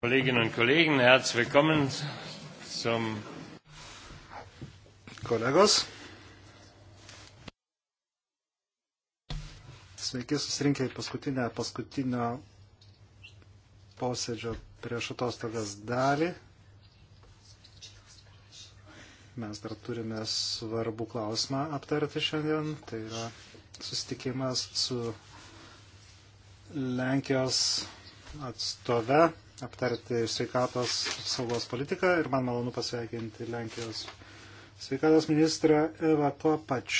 Kolleginnen und Kollegen, herzlich willkommen zum Kolegos. Sveiki susirinkę į paskutinę paskutinio posėdžio prieš atostogas dalį. Mes dar turime svarbų klausimą aptarti šiandien. Tai yra susitikimas su Lenkijos atstove aptarti sveikatos saugos politiką ir man malonu pasveikinti Lenkijos sveikatos ministrą Eva Kopač.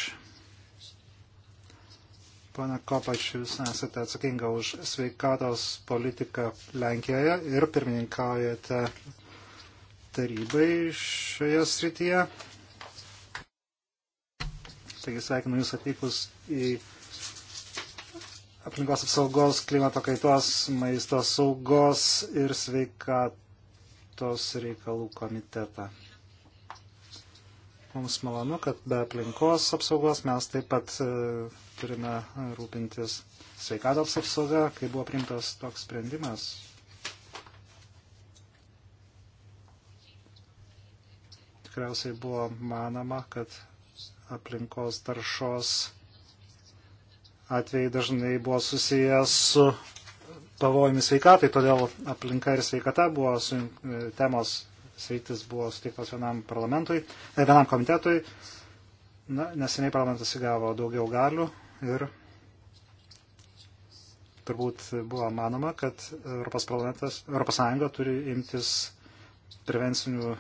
Pana Kopač, jūs esate atsakinga už sveikatos politiką Lenkijoje ir pirmininkaujate tarybai šioje srityje. Taigi sveikinu Jūs atvykus į aplinkos apsaugos, klimato kaitos, maisto saugos ir sveikatos reikalų komitetą. Mums malonu, kad be aplinkos apsaugos mes taip pat e, turime rūpintis sveikatos apsauga, kai buvo primtas toks sprendimas. Tikriausiai buvo manama, kad aplinkos taršos atvejai dažnai buvo susijęs su pavojami sveikatai, todėl aplinka ir sveikata buvo su, e, temos sveitis buvo suteiktos vienam parlamentui, ne, vienam komitetui. Na, neseniai parlamentas įgavo daugiau galių ir turbūt buvo manoma, kad Europos parlamentas, Europos Sąjunga turi imtis prevencinių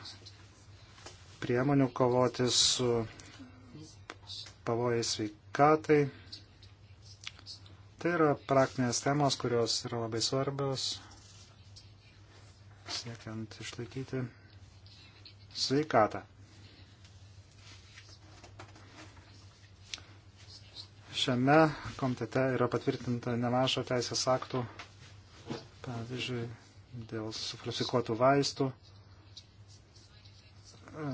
priemonių kovoti su pavojais sveikatai, Tai yra praktinės temos, kurios yra labai svarbios, siekiant išlaikyti sveikatą. Šiame komitete yra patvirtinta nemaža teisės aktų, pavyzdžiui, dėl sufalsifikuotų vaistų, e,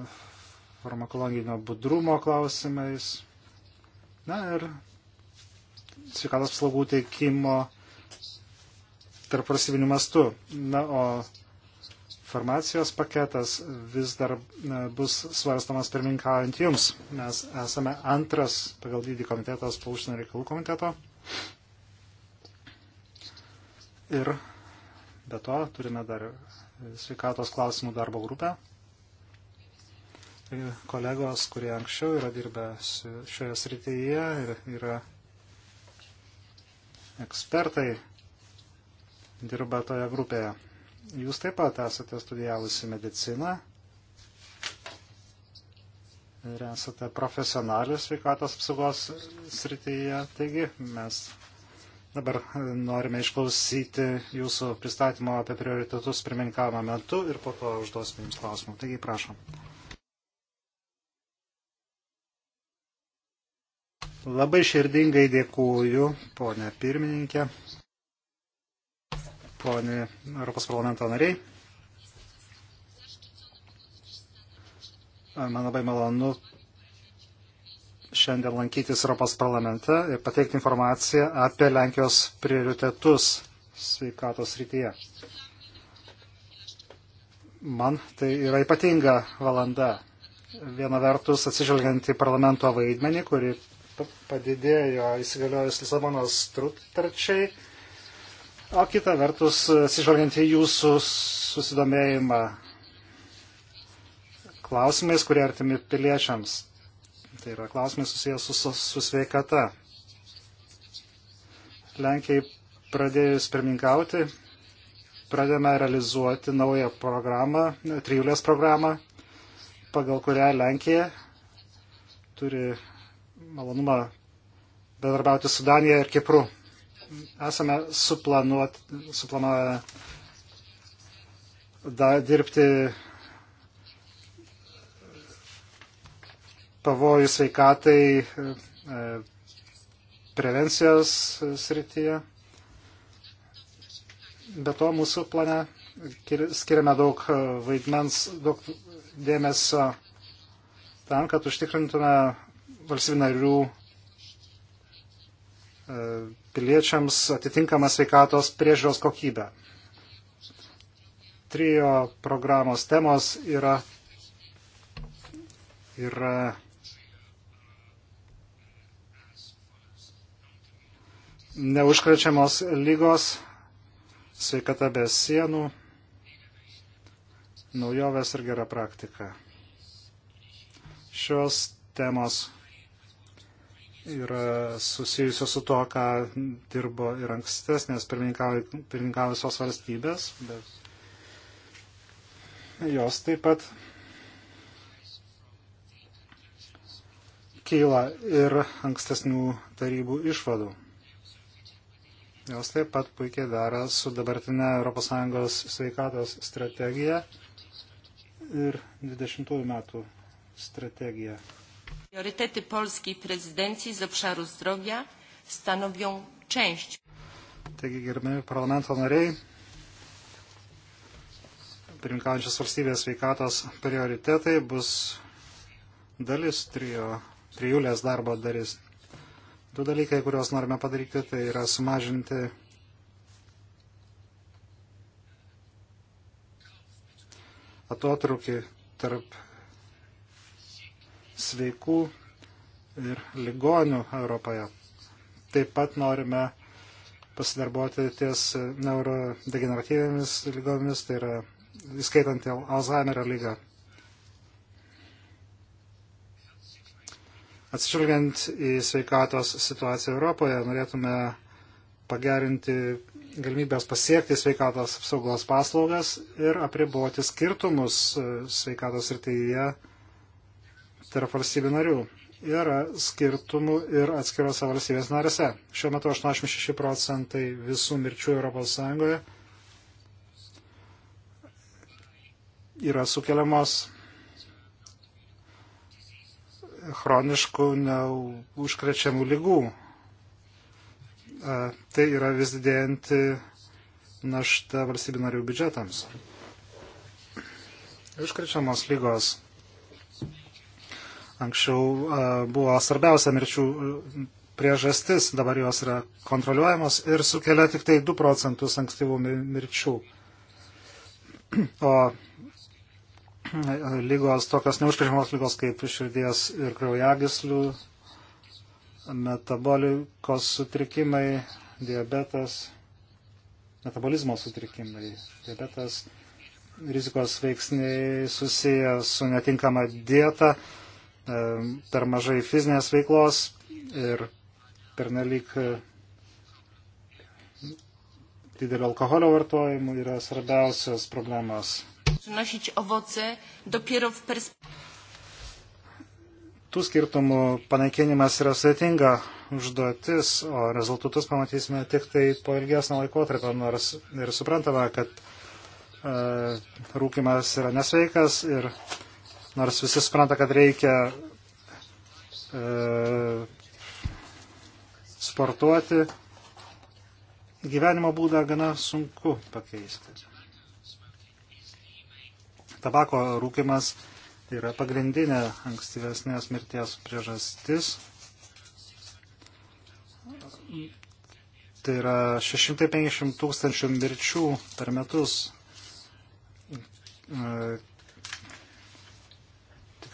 farmakologinio budrumo klausimais. Na ir sveikatos paslaugų teikimo tarp valstybinių mastų. Na, o farmacijos paketas vis dar bus svarstamas pirminkaujant jums. Mes esame antras pagal dydį komitetas po užsienio reikalų komiteto. Ir be to turime dar sveikatos klausimų darbo grupę. Kolegos, kurie anksčiau yra dirbę šioje srityje ir yra ekspertai dirba toje grupėje. Jūs taip pat esate studijavusi mediciną ir esate profesionalis sveikatos apsaugos srityje. Taigi mes dabar norime išklausyti jūsų pristatymo apie prioritetus pirmininkavimo metu ir po to užduosime jums klausimų. Taigi prašom. Labai širdingai dėkuoju, ponė pirmininkė, ponė Europos parlamento nariai. Man labai malonu šiandien lankytis Europos parlamente ir pateikti informaciją apie Lenkijos prioritetus sveikatos rytyje. Man tai yra ypatinga valanda. Viena vertus, atsižvelgiant į parlamento vaidmenį, kuri padidėjo įsigaliojus Lisabonos trutarčiai, o kita vertus, atsižvelgiant į jūsų susidomėjimą klausimais, kurie artimi piliečiams. Tai yra klausimai susijęs su, su, su sveikata. Lenkijai pradėjus pirmininkauti, pradėjome realizuoti naują programą, trijulės programą, pagal kurią Lenkija turi malonumą bendarbiauti su Danija ir Kipru. Esame suplanavę dirbti pavojų sveikatai e, prevencijos srityje. Be to mūsų plane skiriame daug e, vaidmens, daug dėmesio tam, kad užtikrintume valstybinarių e, piliečiams atitinkamą sveikatos priežiūros kokybę. Trijo programos temos yra, yra neužkrečiamos lygos, sveikata be sienų, naujovės ir gera praktika. Šios temos yra susijusios su to, ką dirbo ir ankstesnės pirmininkavusios valstybės, bet jos taip pat kyla ir ankstesnių tarybų išvadų. Jos taip pat puikiai dera su dabartinė ES sveikatos strategija ir 20 metų strategija. Priorytety polskiej prezydencji z obszaru zdrowia stanowią część. Taigi, gerbimi parlamento nariai, pirmininkaujančios valstybės sveikatos prioritetai bus dalis trijo, trijulės darbo dalis. Du dalykai, kuriuos norime padaryti, tai yra sumažinti atotrukį tarp sveikų ir ligonių Europoje. Taip pat norime pasidarboti ties neurodegeneratyvėmis lygomis, tai yra įskaitant Alzheimerio lygą. Atsižvelgiant į sveikatos situaciją Europoje, norėtume pagerinti galimybės pasiekti sveikatos apsaugos paslaugas ir apriboti skirtumus e, sveikatos rytyje tarp valstybių narių. Yra skirtumų ir atskirose valstybės narėse. Šiuo metu 86 procentai visų mirčių ES yra sukeliamos chroniškų neužkrečiamų lygų. Tai yra vis didėjanti našta valstybių narių biudžetams. Užkrečiamos lygos anksčiau buvo svarbiausia mirčių priežastis, dabar jos yra kontroliuojamos ir sukelia tik tai 2 procentus ankstyvų mirčių. O lygos, tokios neužkrečiamos lygos kaip širdies ir kraujagislių, metabolikos sutrikimai, diabetas, metabolizmo sutrikimai, diabetas, rizikos veiksniai susiję su netinkama dieta, E, per mažai fizinės veiklos ir pernelyg e, didelio alkoholio vartojimo yra svarbiausios problemos. Tų skirtumų panaikinimas yra sudėtinga užduotis, o rezultatus pamatysime tik tai po ilgesnio laikotarpio, nors ir suprantama, kad e, rūkimas yra nesveikas ir e, Nors visi supranta, kad reikia e, sportuoti, gyvenimo būdą gana sunku pakeisti. Tabako rūkimas yra pagrindinė ankstyvesnės mirties priežastis. Tai yra 650 tūkstančių mirčių per metus e,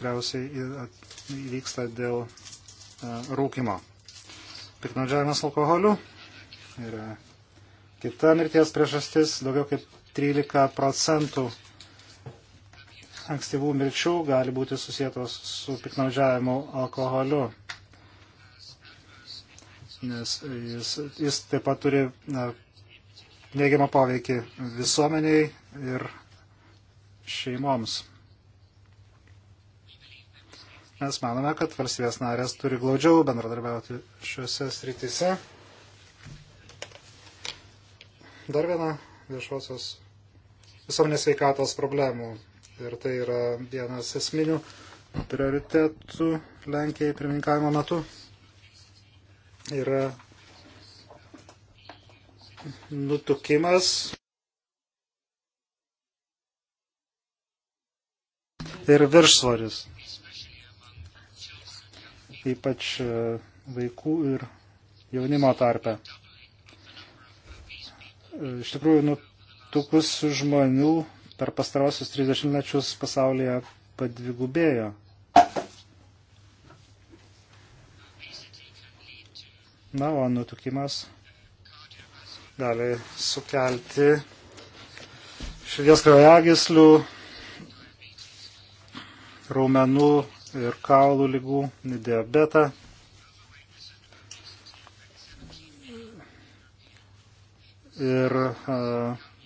tikriausiai įvyksta dėl e, rūkimo. Piknaudžiavimas alkoholiu yra kita mirties priežastis, daugiau kaip 13 procentų ankstyvų mirčių gali būti susijęs su piknaudžiavimu alkoholiu, nes jis, jis taip pat turi neigiamą poveikį visuomeniai ir šeimoms. Mes manome, kad valstybės narės turi glaudžiau bendradarbiauti šiuose srityse. Dar viena viešosios visuomenės veikatos problemų. Ir tai yra vienas esminių prioritetų Lenkijai pirmininkavimo metu. Yra nutukimas. Ir viršsvoris ypač e, vaikų ir jaunimo tarpe. E, iš tikrųjų, nutukus žmonių per pastarosius 30 mečius pasaulyje padvigubėjo. Na, o nutukimas gali sukelti širdies kraujagyslių, raumenų ir kaulų lygų, diabetą. Ir e,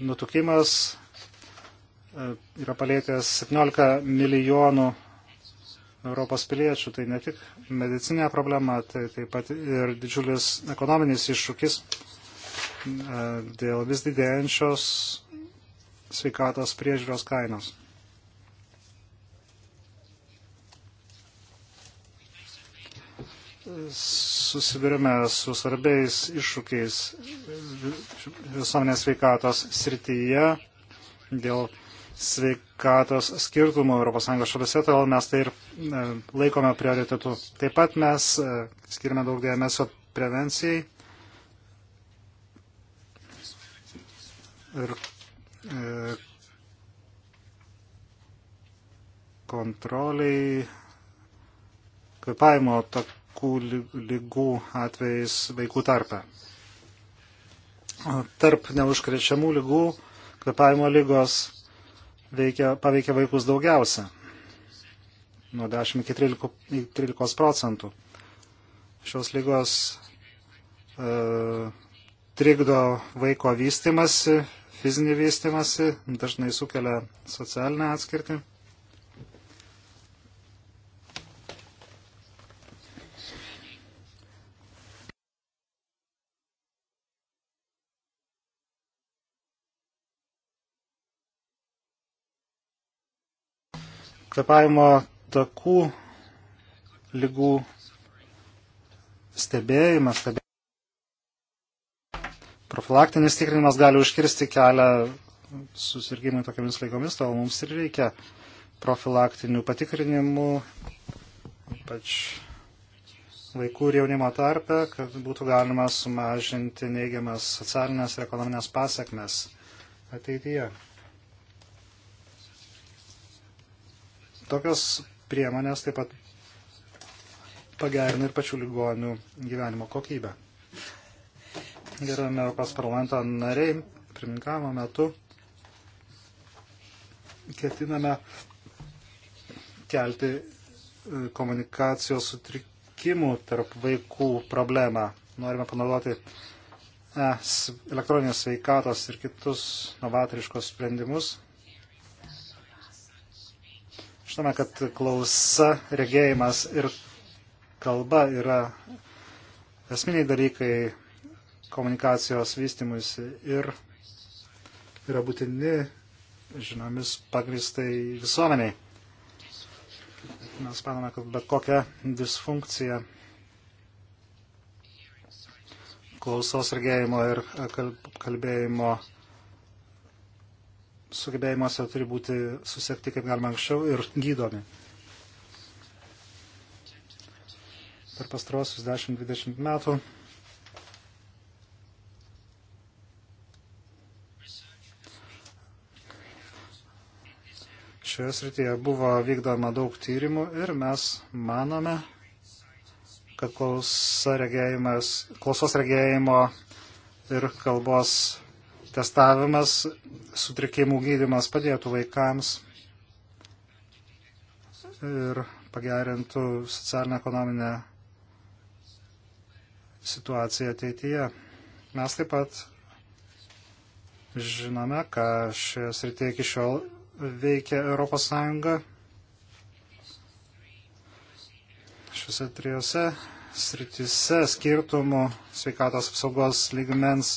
nutukimas e, yra palėtęs 17 milijonų Europos piliečių. Tai ne tik medicinė problema, tai taip pat ir didžiulis ekonominis iššūkis e, dėl vis didėjančios sveikatos priežiūros kainos. susidurime su svarbiais iššūkiais visuomenės sveikatos srityje dėl sveikatos skirtumų ES šalise, todėl mes tai ir e, laikome prioritetu. Taip pat mes e, skirime daug dėmesio prevencijai ir e, kontroliai kvepavimo takų tokių lygų atvejais vaikų tarpe. Tarp neužkrečiamų lygų kvepavimo lygos veikia, paveikia vaikus daugiausia - nuo 10 iki 13, 13 procentų. Šios lygos e, trikdo vaiko vystimasi, fizinį vystimasi, dažnai sukelia socialinę atskirtį. kvepavimo takų lygų stebėjimas, stebėjimas, profilaktinis tikrinimas gali užkirsti kelią susirgymui tokiamis lygomis, tol mums ir reikia profilaktinių patikrinimų, ypač vaikų ir jaunimo tarpe, kad būtų galima sumažinti neigiamas socialinės ir ekonominės pasiekmes ateityje. Tokios priemonės taip pat pagerina ir pačių ligonių gyvenimo kokybę. Gerame Europos parlamento nariai, pirmininkavimo metu ketiname kelti e, komunikacijos sutrikimų tarp vaikų problemą. Norime panaudoti e, elektroninės sveikatos ir kitus novatoriškos sprendimus Žinome, kad klausa, regėjimas ir kalba yra esminiai dalykai komunikacijos vystimuisi ir yra būtini žiniomis pagristai visuomeniai. Mes manome, kad bet kokia disfunkcija klausos regėjimo ir kalbėjimo sugebėjimuose turi būti susiekti kaip galima anksčiau ir gydomi. Per pastarosius 10-20 metų šioje srityje buvo vykdoma daug tyrimų ir mes manome, kad klausos regėjimas, klausos regėjimo ir kalbos testavimas, sutrikimų gydimas padėtų vaikams ir pagerintų socialinę ekonominę situaciją ateityje. Mes taip pat žinome, ką šioje srityje iki šiol veikia ES. Šiuose trijose srityse skirtumų sveikatos apsaugos lygmens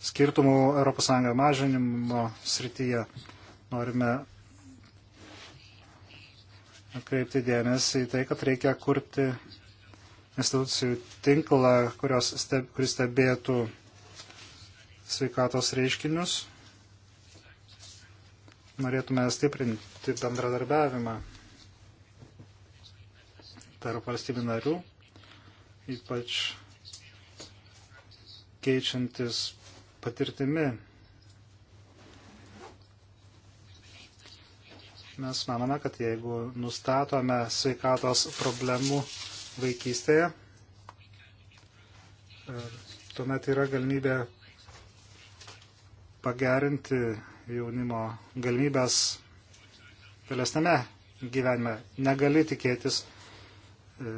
skirtumų ES mažinimo srityje. Norime atkreipti dėmesį į tai, kad reikia kurti institucijų tinklą, kurios steb, kuris stebėtų sveikatos reiškinius. Norėtume stiprinti bendradarbiavimą tarp valstybių narių, ypač keičiantis patirtimi. Mes manome, kad jeigu nustatome sveikatos problemų vaikystėje, er, tuomet yra galimybė pagerinti jaunimo galimybės vėlesnėme gyvenime. Negali tikėtis e,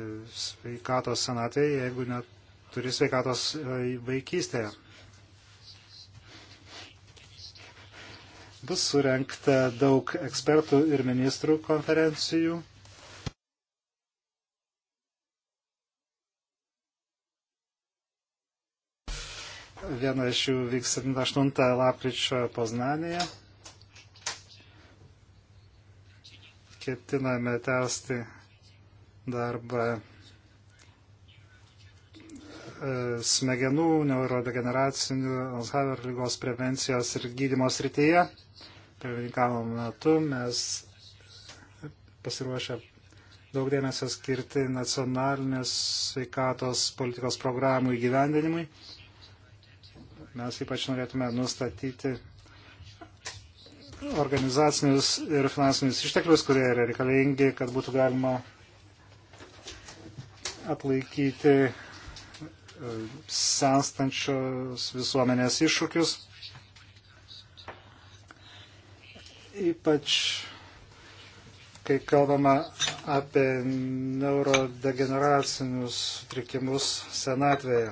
sveikatos senatvėje, jeigu neturi sveikatos e, vaikystėje. Bus surenkta daug ekspertų ir ministrų konferencijų. Viena iš jų vyks 78 lapkričio Poznanėje. Ketiname tęsti darbą e, smegenų neurodegeneracinių Alzheimer lygos prevencijos ir gydymos rytyje pirmininkavimo metu mes pasiruošę daug dėmesio skirti nacionalinės sveikatos politikos programų įgyvendinimui. Mes ypač norėtume nustatyti organizacinius ir finansinius išteklius, kurie yra reikalingi, kad būtų galima atlaikyti senstančios visuomenės iššūkius. ypač kai kalbama apie neurodegeneracinius sutrikimus senatvėje.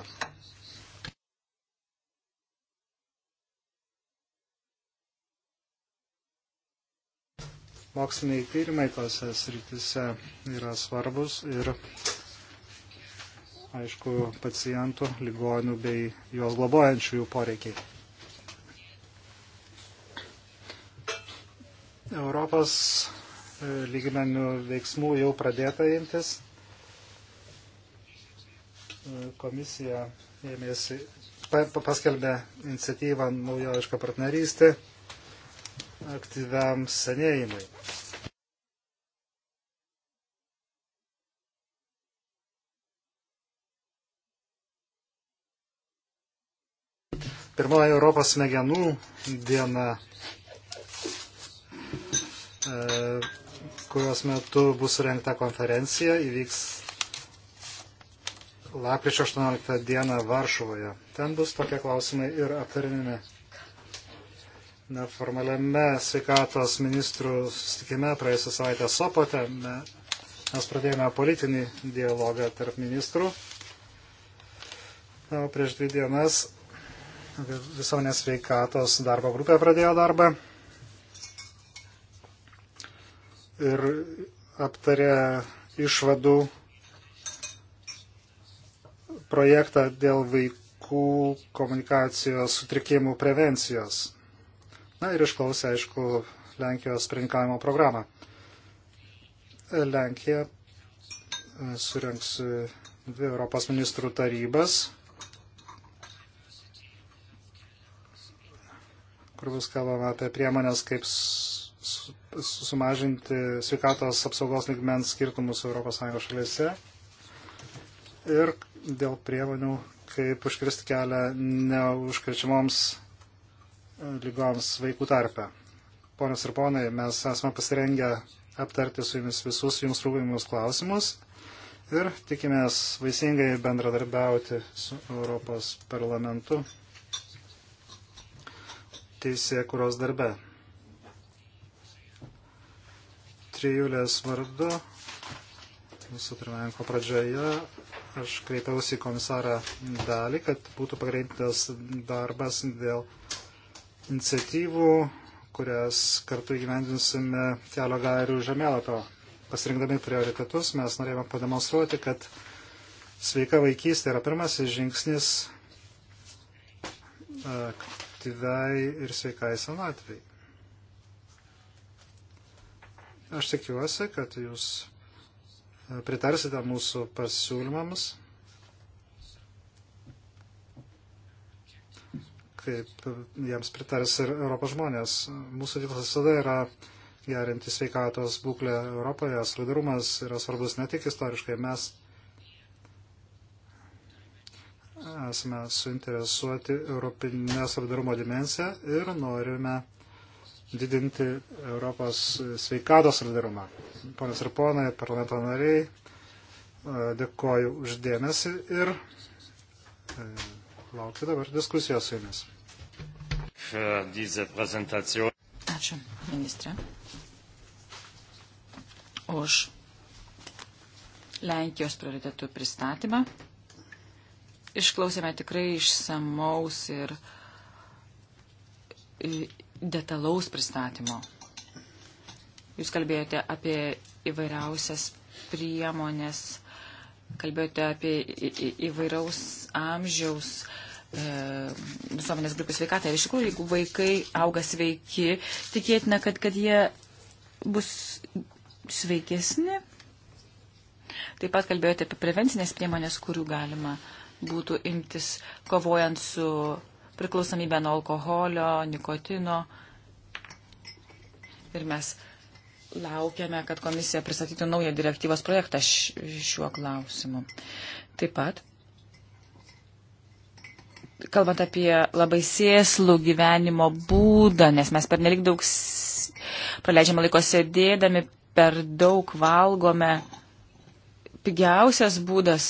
Moksliniai tyrimai tose srityse yra svarbus ir, aišku, pacientų, ligonių bei juos globojančiųjų poreikiai. Europos e, lygmenių veiksmų jau pradėta imtis. E, komisija ėmėsi, paskelbė iniciatyvą naujovišką partnerystę aktyviam senėjimui. Pirmoji Europos smegenų diena E, kurios metu bus rengta konferencija, įvyks lapkričio 18 dieną Varšuvoje. Ten bus tokie klausimai ir aptarinimi. Neformaliame sveikatos ministrų sustikime praėjusią savaitę Sopote mes pradėjome politinį dialogą tarp ministrų. Na, o prieš dvi dienas visuomenės sveikatos darbo grupė pradėjo darbą. ir aptarė išvadų projektą dėl vaikų komunikacijos sutrikimų prevencijos. Na ir išklausė, aišku, Lenkijos prinkavimo programą. Lenkija e, surinks e, dvi Europos ministrų tarybas, kur bus kalbama apie priemonės, kaip sumažinti sveikatos apsaugos lygmens skirtumus ES šalyse ir dėl priemonių, kaip užkirsti kelią neužkrečiamoms e, lygoms vaikų tarpe. Ponios ir ponai, mes esame pasirengę aptarti su jumis visus jums rūpimus klausimus ir tikimės vaisingai bendradarbiauti su Europos parlamentu teisė kuros darbe. trijulės vardu. Visų pirmininko pradžioje aš kreipiausi į komisarą dalį, kad būtų pagreitintas darbas dėl iniciatyvų, kurias kartu įgyvendinsime kelio gairių žemėlapio. Pasirinkdami prioritetus mes norėjome pademonstruoti, kad sveika vaikystė yra pirmasis žingsnis e, aktyviai ir sveikai senatvei. Aš tikiuosi, kad jūs e, pritarsite mūsų pasiūlymams. kaip jiems pritars ir Europos žmonės. Mūsų tikslas visada yra gerinti sveikatos būklę Europoje. Solidarumas yra svarbus ne tik istoriškai. Mes esame suinteresuoti Europinę solidarumo dimenciją ir norime didinti Europos sveikados solidarumą. Ponas ir ponai, parlamento nariai, e, dėkoju uždėmesi ir e, laukiu dabar diskusijos su jumis. Ačiū, ministrė, už Lenkijos prioritetų pristatymą. Išklausėme tikrai išsamaus ir detalaus pristatymo. Jūs kalbėjote apie įvairiausias priemonės, kalbėjote apie į, į, įvairaus amžiaus e, visuomenės grupės sveikatą. Ir iš tikrųjų, jeigu vaikai auga sveiki, tikėtina, kad, kad jie bus sveikesni. Taip pat kalbėjote apie prevencinės priemonės, kurių galima būtų imtis kovojant su priklausomybę nuo alkoholio, nikotino. Ir mes laukiame, kad komisija pristatytų naują direktyvos projektą šiuo klausimu. Taip pat, kalbant apie labai sėslų gyvenimo būdą, nes mes per nelik daug praleidžiame laiko sėdėdami, per daug valgome, pigiausias būdas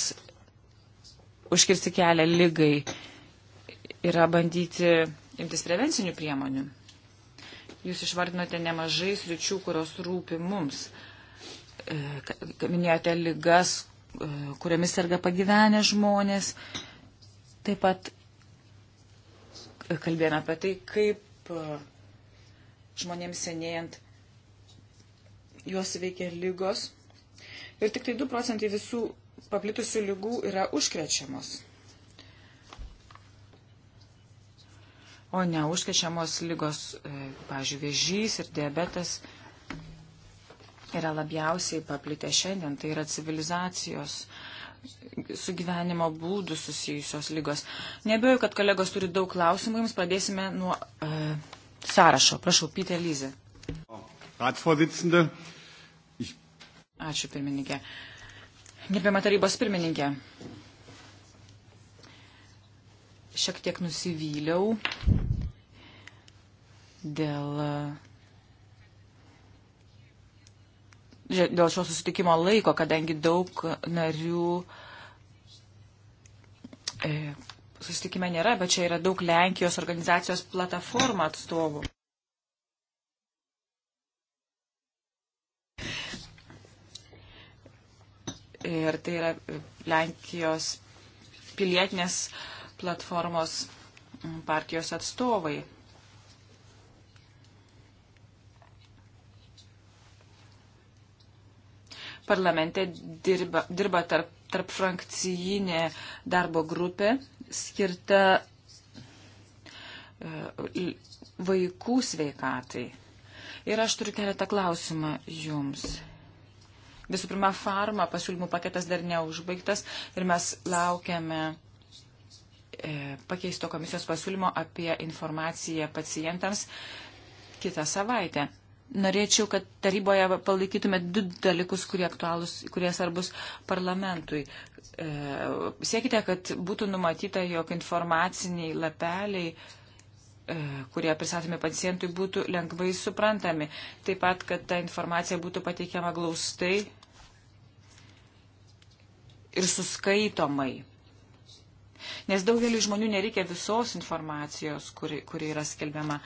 užkirsti kelią lygai yra bandyti imtis prevencinių priemonių. Jūs išvardinote nemažai sričių, kurios rūpi mums. E, minėjote lygas, e, kuriamis serga pagyvenę žmonės. Taip pat e, kalbėjome apie tai, kaip žmonėms senėjant juos veikia lygos. Ir tik tai 2 procentai visų paplitusių lygų yra užkrečiamos. o ne užkečiamos lygos, e, pavyzdžiui, vėžys ir diabetas yra labiausiai paplitę šiandien, tai yra civilizacijos su gyvenimo būdu susijusios lygos. Nebejoju, kad kolegos turi daug klausimų, jums pradėsime nuo e, sąrašo. Prašau, Pite Lyze. Ačiū, pirmininkė. Gerbėma tarybos pirmininkė šiek tiek nusivyliau dėl, dėl šio susitikimo laiko, kadangi daug narių e, susitikime nėra, bet čia yra daug Lenkijos organizacijos platforma atstovų. Ir tai yra Lenkijos pilietinės uh, platformos mm, partijos atstovai. Parlamente dirba, dirba tarp, tarp frakcijinė darbo grupė skirta e, vaikų sveikatai. Ir aš turiu keletą klausimą jums. Visų pirma, farma pasiūlymų paketas dar neužbaigtas ir mes laukiame E, pakeisto komisijos pasiūlymo apie informaciją pacientams kitą savaitę. Norėčiau, kad taryboje palaikytume du dalykus, kurie, aktualūs, kurie svarbus parlamentui. E, siekite, kad būtų numatyta, jog informaciniai lapeliai e, kurie pristatomi pacientui, būtų lengvai suprantami. Taip pat, kad ta informacija būtų pateikiama glaustai ir suskaitomai. Nes daugeliu žmonių nereikia visos informacijos, kuri, kuri yra skelbiama.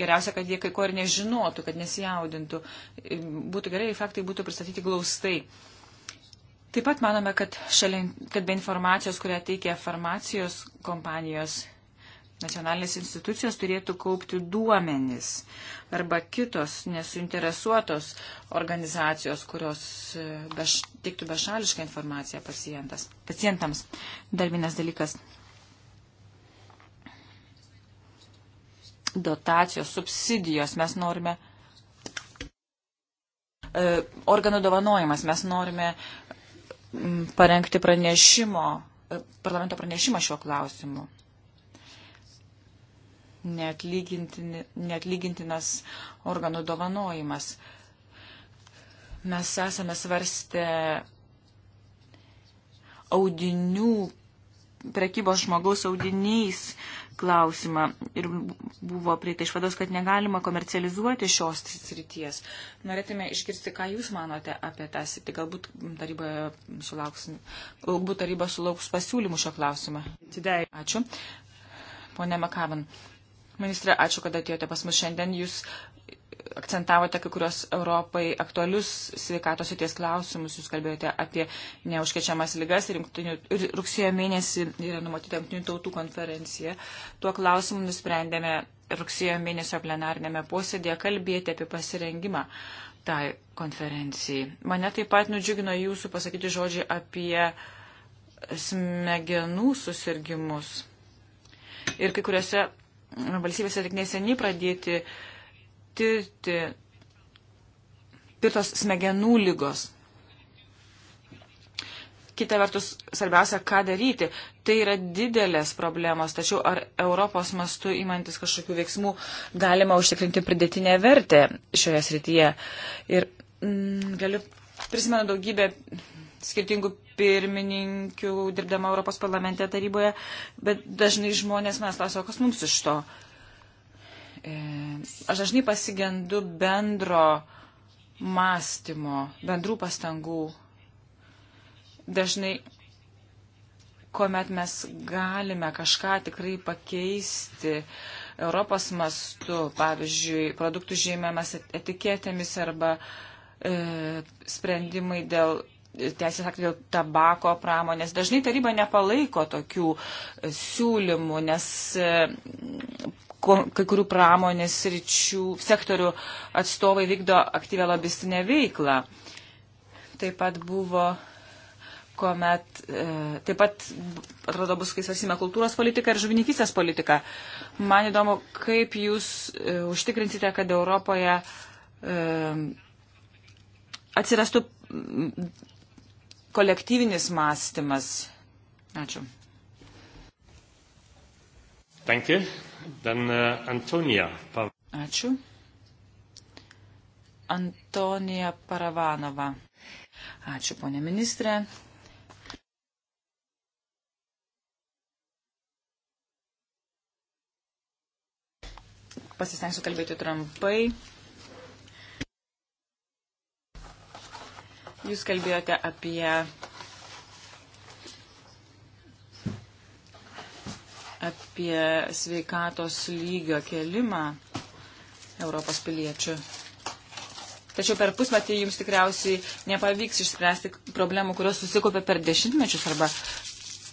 Geriausia, kad jie kai ko ir nežinotų, kad nesijaudintų. Būtų gerai, jei faktai būtų pristatyti glaustai. Taip pat manome, kad, šalia, kad be informacijos, kurią teikia farmacijos kompanijos, Nacionalinės institucijos turėtų kaupti duomenis arba kitos nesuinteresuotos organizacijos, kurios e, beš, teiktų bešališką informaciją pacientams. Dar vienas dalykas. Dotacijos, subsidijos. Mes norime e, organų dovanojimas. Mes norime parengti pranešimo, e, parlamento pranešimą šiuo klausimu neatlygintinas organų dovanojimas. Mes esame svarstę audinių, prekybos žmogaus audiniais klausimą ir buvo prieita išvados, kad negalima komercializuoti šios srities. Norėtume išgirsti, ką Jūs manote apie tą sritį. Galbūt taryba sulauks, galbūt taryba sulauks pasiūlymų šio klausimą. Ačiū. Pone Makavan, Ministrė, ačiū, kad atėjote pas mus šiandien. Jūs akcentavote kai kurios Europai aktualius sveikatos įties klausimus. Jūs kalbėjote apie neužkečiamas lygas ir, ir rugsėjo mėnesį yra numatyta jungtinių tautų konferencija. Tuo klausimu nusprendėme rugsėjo mėnesio plenarnėme posėdėje kalbėti apie pasirengimą tai konferencijai. Mane taip pat nudžiugino jūsų pasakyti žodžiai apie smegenų susirgymus. Ir kai kuriuose valstybėse tik neseniai pradėti tirti tirtos smegenų lygos. Kita vertus, svarbiausia, ką daryti. Tai yra didelės problemos, tačiau ar Europos mastu įmantis kažkokių veiksmų galima užtikrinti pridėtinę vertę šioje srityje. Ir mm, galiu prisimenu daugybę skirtingų pirmininkių dirbdama Europos parlamente taryboje, bet dažnai žmonės mes klausia, kas mums iš to. E, aš dažnai pasigendu bendro mąstymo, bendrų pastangų. Dažnai, kuomet mes galime kažką tikrai pakeisti Europos mastu, pavyzdžiui, produktų žymėjimas etiketėmis arba e, sprendimai dėl teisės aktų dėl tabako pramonės. Dažnai taryba nepalaiko tokių siūlymų, nes e, kai kurių pramonės ryčių sektorių atstovai vykdo aktyvę lobistinę veiklą. Taip pat buvo kuomet e, taip pat, atrodo, bus, kai svarsime kultūros politiką ir žuvininkystės politiką. Man įdomu, kaip jūs e, užtikrinsite, kad Europoje e, atsirastų kolektyvinis mąstymas. Ačiū. Danke. Dan uh, Antonija. Pav... Ačiū. Antonija Paravanova. Ačiū, ponė ministrė. Pasistengsiu kalbėti trumpai. Jūs kalbėjote apie apie sveikatos lygio kelimą Europos piliečių. Tačiau per pusmetį jums tikriausiai nepavyks išspręsti problemų, kurios susikopė per dešimtmečius arba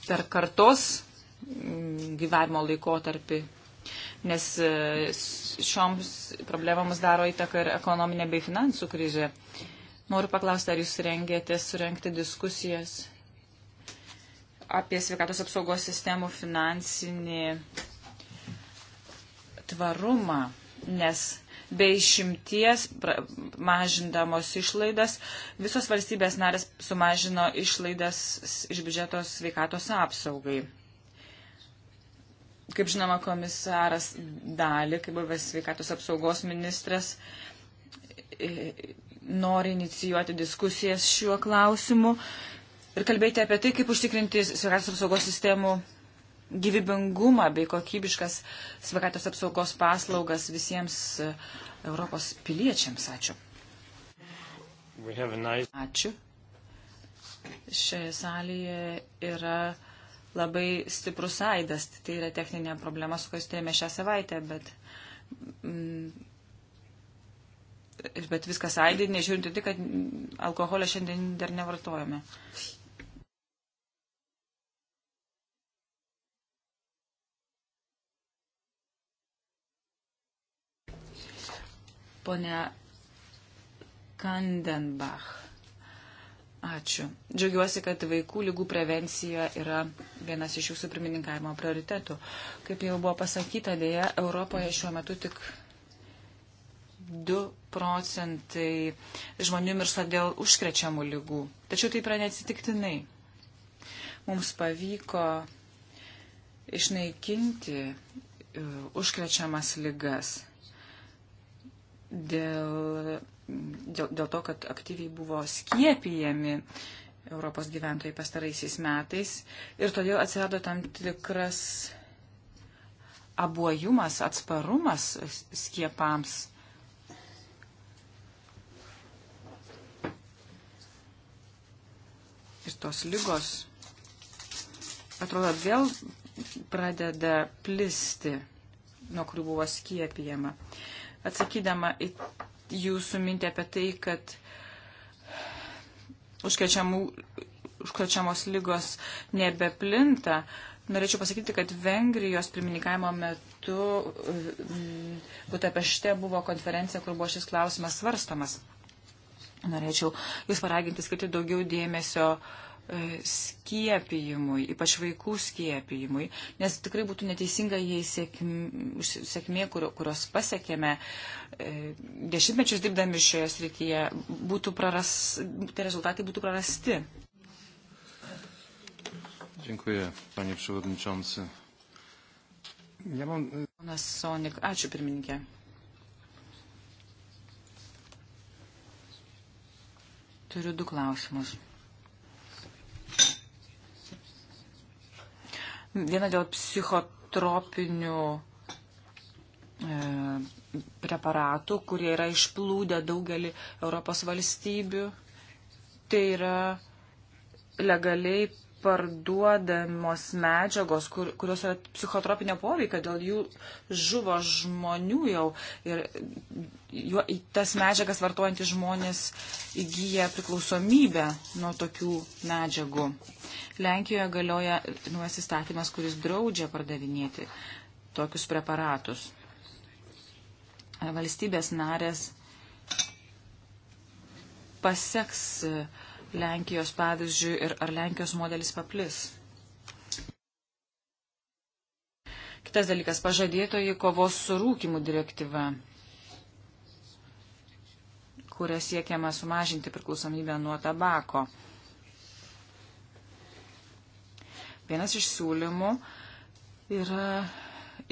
per kartos mm, gyvenimo laikotarpį. Nes e, šioms problemams daro įtaką ir ekonominė bei finansų krizė. Uh, Noriu paklausti, ar jūs rengėte surenkti diskusijas apie sveikatos apsaugos sistemų finansinį tvarumą, nes be išimties mažindamos išlaidas visos valstybės narės sumažino išlaidas iš biudžeto sveikatos apsaugai. Kaip žinoma, komisaras Dali, kaip buvęs sveikatos apsaugos ministras, nori inicijuoti diskusijas šiuo klausimu ir kalbėti apie tai, kaip užtikrinti sveikatos apsaugos sistemų gyvybingumą bei kokybiškas sveikatos apsaugos paslaugas visiems e, Europos piliečiams. Ačiū. Nice... Ačiū. Šioje salėje yra labai stiprus aidas, tai yra techninė problema, su kuria turėjome šią savaitę, bet mm, bet viskas aidi, nežiūrint tai, kad alkoholio šiandien dar nevartojame. Pone Kandenbach. Ačiū. Džiaugiuosi, kad vaikų lygų prevencija yra vienas iš jūsų pirmininkavimo prioritetų. Kaip jau buvo pasakyta, dėja, Europoje šiuo metu tik 2 procentai žmonių miršta dėl užkrečiamų lygų. Tačiau taip yra neatsitiktinai. Mums pavyko išnaikinti e, užkrečiamas lygas dėl, dėl, dėl to, kad aktyviai buvo skiepijami Europos gyventojai pastaraisiais metais ir todėl atsirado tam tikras abuojumas, atsparumas skiepams. ir tos lygos, atrodo, vėl pradeda plisti, nuo kurių buvo skiepijama. Atsakydama į jūsų mintį apie tai, kad užkrečiamos lygos nebeplinta, norėčiau pasakyti, kad Vengrijos pirmininkavimo metu mm, Budapešte buvo konferencija, kur buvo šis klausimas svarstamas. Norėčiau Jūs paraginti skirti daugiau dėmesio e, skiepijimui, ypač vaikų skiepijimui, nes tikrai būtų neteisinga, jei sėkmė, sėkmė kurios pasiekėme e, dešimtmečius dirbdami šioje srityje, būtų praras, tie rezultatai būtų prarasti. Dziękuję, panie przewodniczący. Ja mam... E, Ponas Sonik, ačiū pirmininkė. Turiu du klausimus. Viena dėl psichotropinių e, preparatų, kurie yra išplūdę daugelį Europos valstybių. Tai yra legaliai parduodamos medžiagos, kur, kurios yra psichotropinio poveikio, dėl jų žuvo žmonių jau. Ir juo, tas medžiagas vartojantys žmonės įgyja priklausomybę nuo tokių medžiagų. Lenkijoje galioja nuos įstatymas, kuris draudžia pardavinėti tokius preparatus. Valstybės narės paseks uh, Lenkijos pavyzdžių ir ar Lenkijos modelis paplis. Kitas dalykas - pažadėtoji kovos su rūkimu direktyva, kuria siekiama sumažinti priklausomybę nuo tabako. Vienas iš siūlymų yra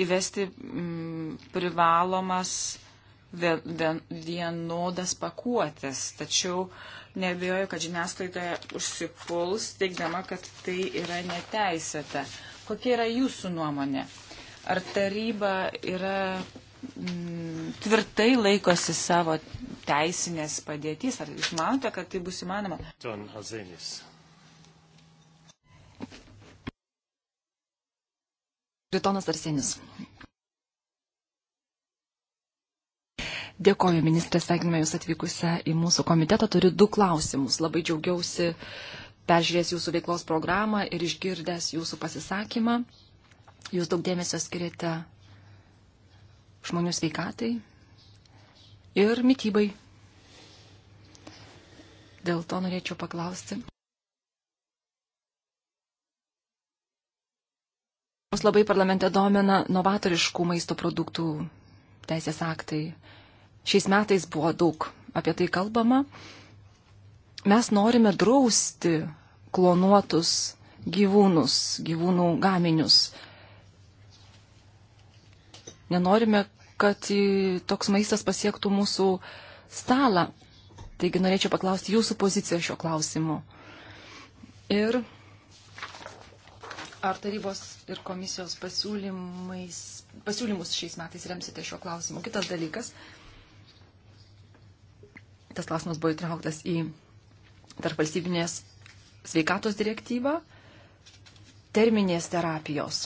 įvesti m, mm, privalomas vienodas pakuotės, tačiau uh, Nebijoju, kad žiniasklaidoje užsipuls, teikdama, kad tai yra neteisėta. Kokia yra jūsų nuomonė? Ar taryba yra m, mm, tvirtai laikosi savo teisinės padėtys? Ar jūs manote, kad tai bus įmanoma? John Hazenis. Ritonas Arsenis. Dėkoju, ministrė, sveikiname Jūs atvykusią į mūsų komitetą. Turiu du klausimus. Labai džiaugiausi peržiūrės Jūsų veiklos programą ir išgirdęs Jūsų pasisakymą. Jūs daug dėmesio skiriate žmonių sveikatai ir mytybai. Dėl to norėčiau paklausti. Mus labai parlamente domina novatoriškų maisto produktų teisės aktai. Šiais metais buvo daug apie tai kalbama. Mes norime drausti klonuotus gyvūnus, gyvūnų gaminius. Nenorime, kad toks maistas pasiektų mūsų stalą. Taigi norėčiau paklausti jūsų poziciją šio klausimu. Ir ar tarybos ir komisijos pasiūlymus šiais metais remsite šio klausimu? Kitas dalykas tas klausimas buvo įtrauktas į tarp valstybinės sveikatos direktyvą terminės terapijos.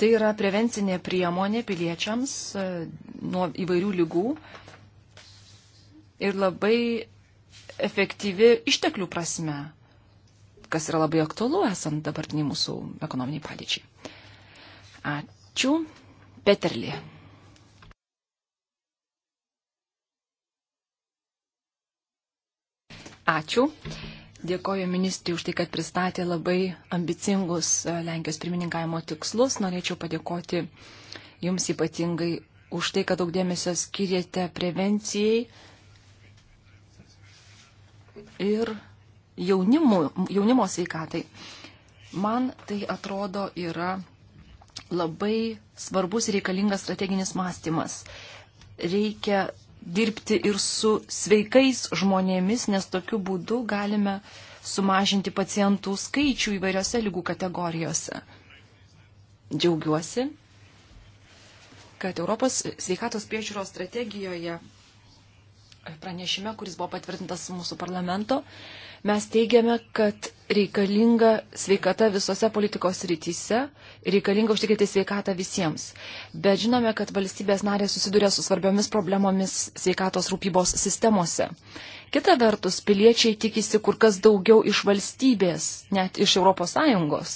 Tai yra prevencinė priemonė piliečiams e, nuo įvairių lygų ir labai efektyvi išteklių prasme, kas yra labai aktualu esant dabartiniai mūsų ekonominiai padėčiai. Ačiū. Peterlė. Ačiū. Dėkoju ministrui už tai, kad pristatė labai ambicingus e, Lenkijos pirmininkavimo tikslus. Norėčiau padėkoti Jums ypatingai už tai, kad daug dėmesio skiriate prevencijai ir jaunimu, jaunimo sveikatai. Man tai atrodo yra labai svarbus ir reikalingas strateginis mąstymas. Reikia dirbti ir su sveikais žmonėmis, nes tokiu būdu galime sumažinti pacientų skaičių įvairiose lygų kategorijose. Džiaugiuosi, kad Europos sveikatos priežiūros strategijoje pranešime, kuris buvo patvirtintas mūsų parlamento, mes teigiame, kad reikalinga sveikata visose politikos rytise, reikalinga užtikrinti sveikatą visiems. Bet žinome, kad valstybės narės susiduria su svarbiomis problemomis sveikatos rūpybos sistemose. Kita vertus, piliečiai tikisi kur kas daugiau iš valstybės, net iš ES.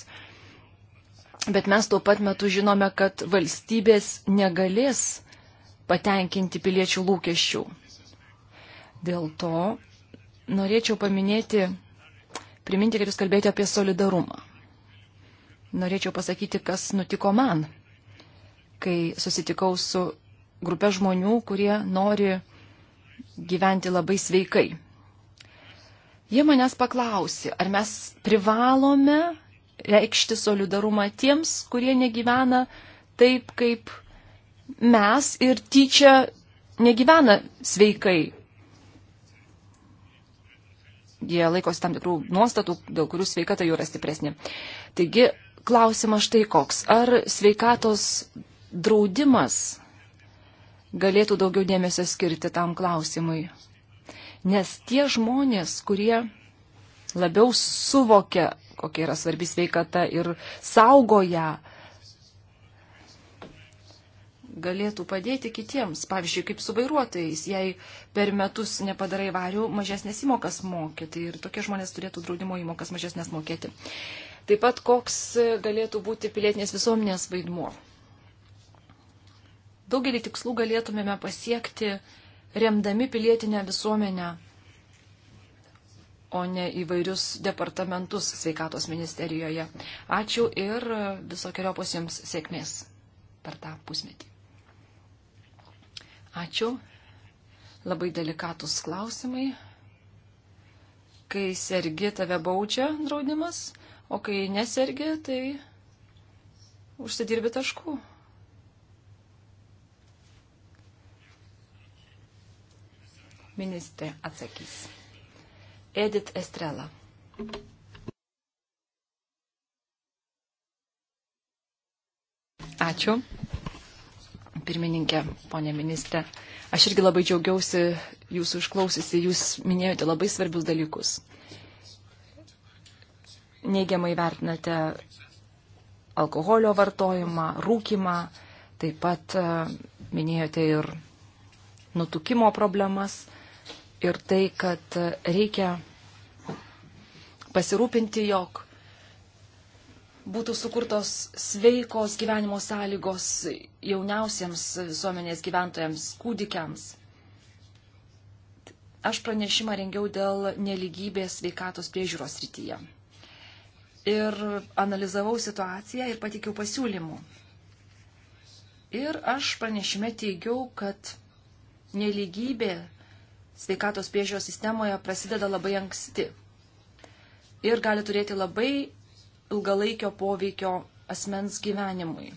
Bet mes tuo pat metu žinome, kad valstybės negalės patenkinti piliečių lūkesčių. Dėl to norėčiau paminėti, priminti, kad jūs kalbėjote apie solidarumą. Norėčiau pasakyti, kas nutiko man, kai susitikau su grupė žmonių, kurie nori gyventi labai sveikai. Jie manęs paklausė, ar mes privalome reikšti solidarumą tiems, kurie negyvena taip, kaip mes ir tyčia negyvena sveikai, jie laikosi tam tikrų nuostatų, dėl kurių sveikata jų yra stipresnė. Taigi, klausimas štai koks. Ar sveikatos draudimas galėtų daugiau dėmesio skirti tam klausimui? Nes tie žmonės, kurie labiau suvokia, kokia yra svarbi sveikata ir saugo ją, galėtų padėti kitiems. Pavyzdžiui, kaip su vairuotojais, jei per metus nepadarai varių, mažesnės įmokas mokė. Tai ir tokie žmonės turėtų draudimo įmokas mažesnės mokėti. Taip pat koks galėtų būti pilietinės visuomenės vaidmuo. Daugelį tikslų galėtumėme pasiekti remdami pilietinę visuomenę, o ne įvairius departamentus sveikatos ministerijoje. Ačiū ir visokiojo pusėms sėkmės per tą pusmetį. Ačiū. Labai delikatus klausimai. Kai sergi, tave baudžia draudimas, o kai nesergi, tai užsidirbi taškų. Ministrė atsakys. Edith Estrela. Ačiū pirmininkė, ponė ministrė. Aš irgi labai džiaugiausi jūsų išklausysi, jūs minėjote labai svarbius dalykus. Neigiamai vertinate alkoholio vartojimą, rūkimą, taip pat e, minėjote ir nutukimo problemas ir tai, kad e, reikia pasirūpinti, jog būtų sukurtos sveikos gyvenimo sąlygos jauniausiems visuomenės gyventojams, kūdikiams. Aš pranešimą rengiau dėl neligybės sveikatos priežiūros rytyje. Ir analizavau situaciją ir patikiau pasiūlymų. Ir aš pranešime teigiau, kad neligybė sveikatos priežiūros sistemoje prasideda labai anksti. Ir gali turėti labai ilgalaikio poveikio asmens gyvenimui.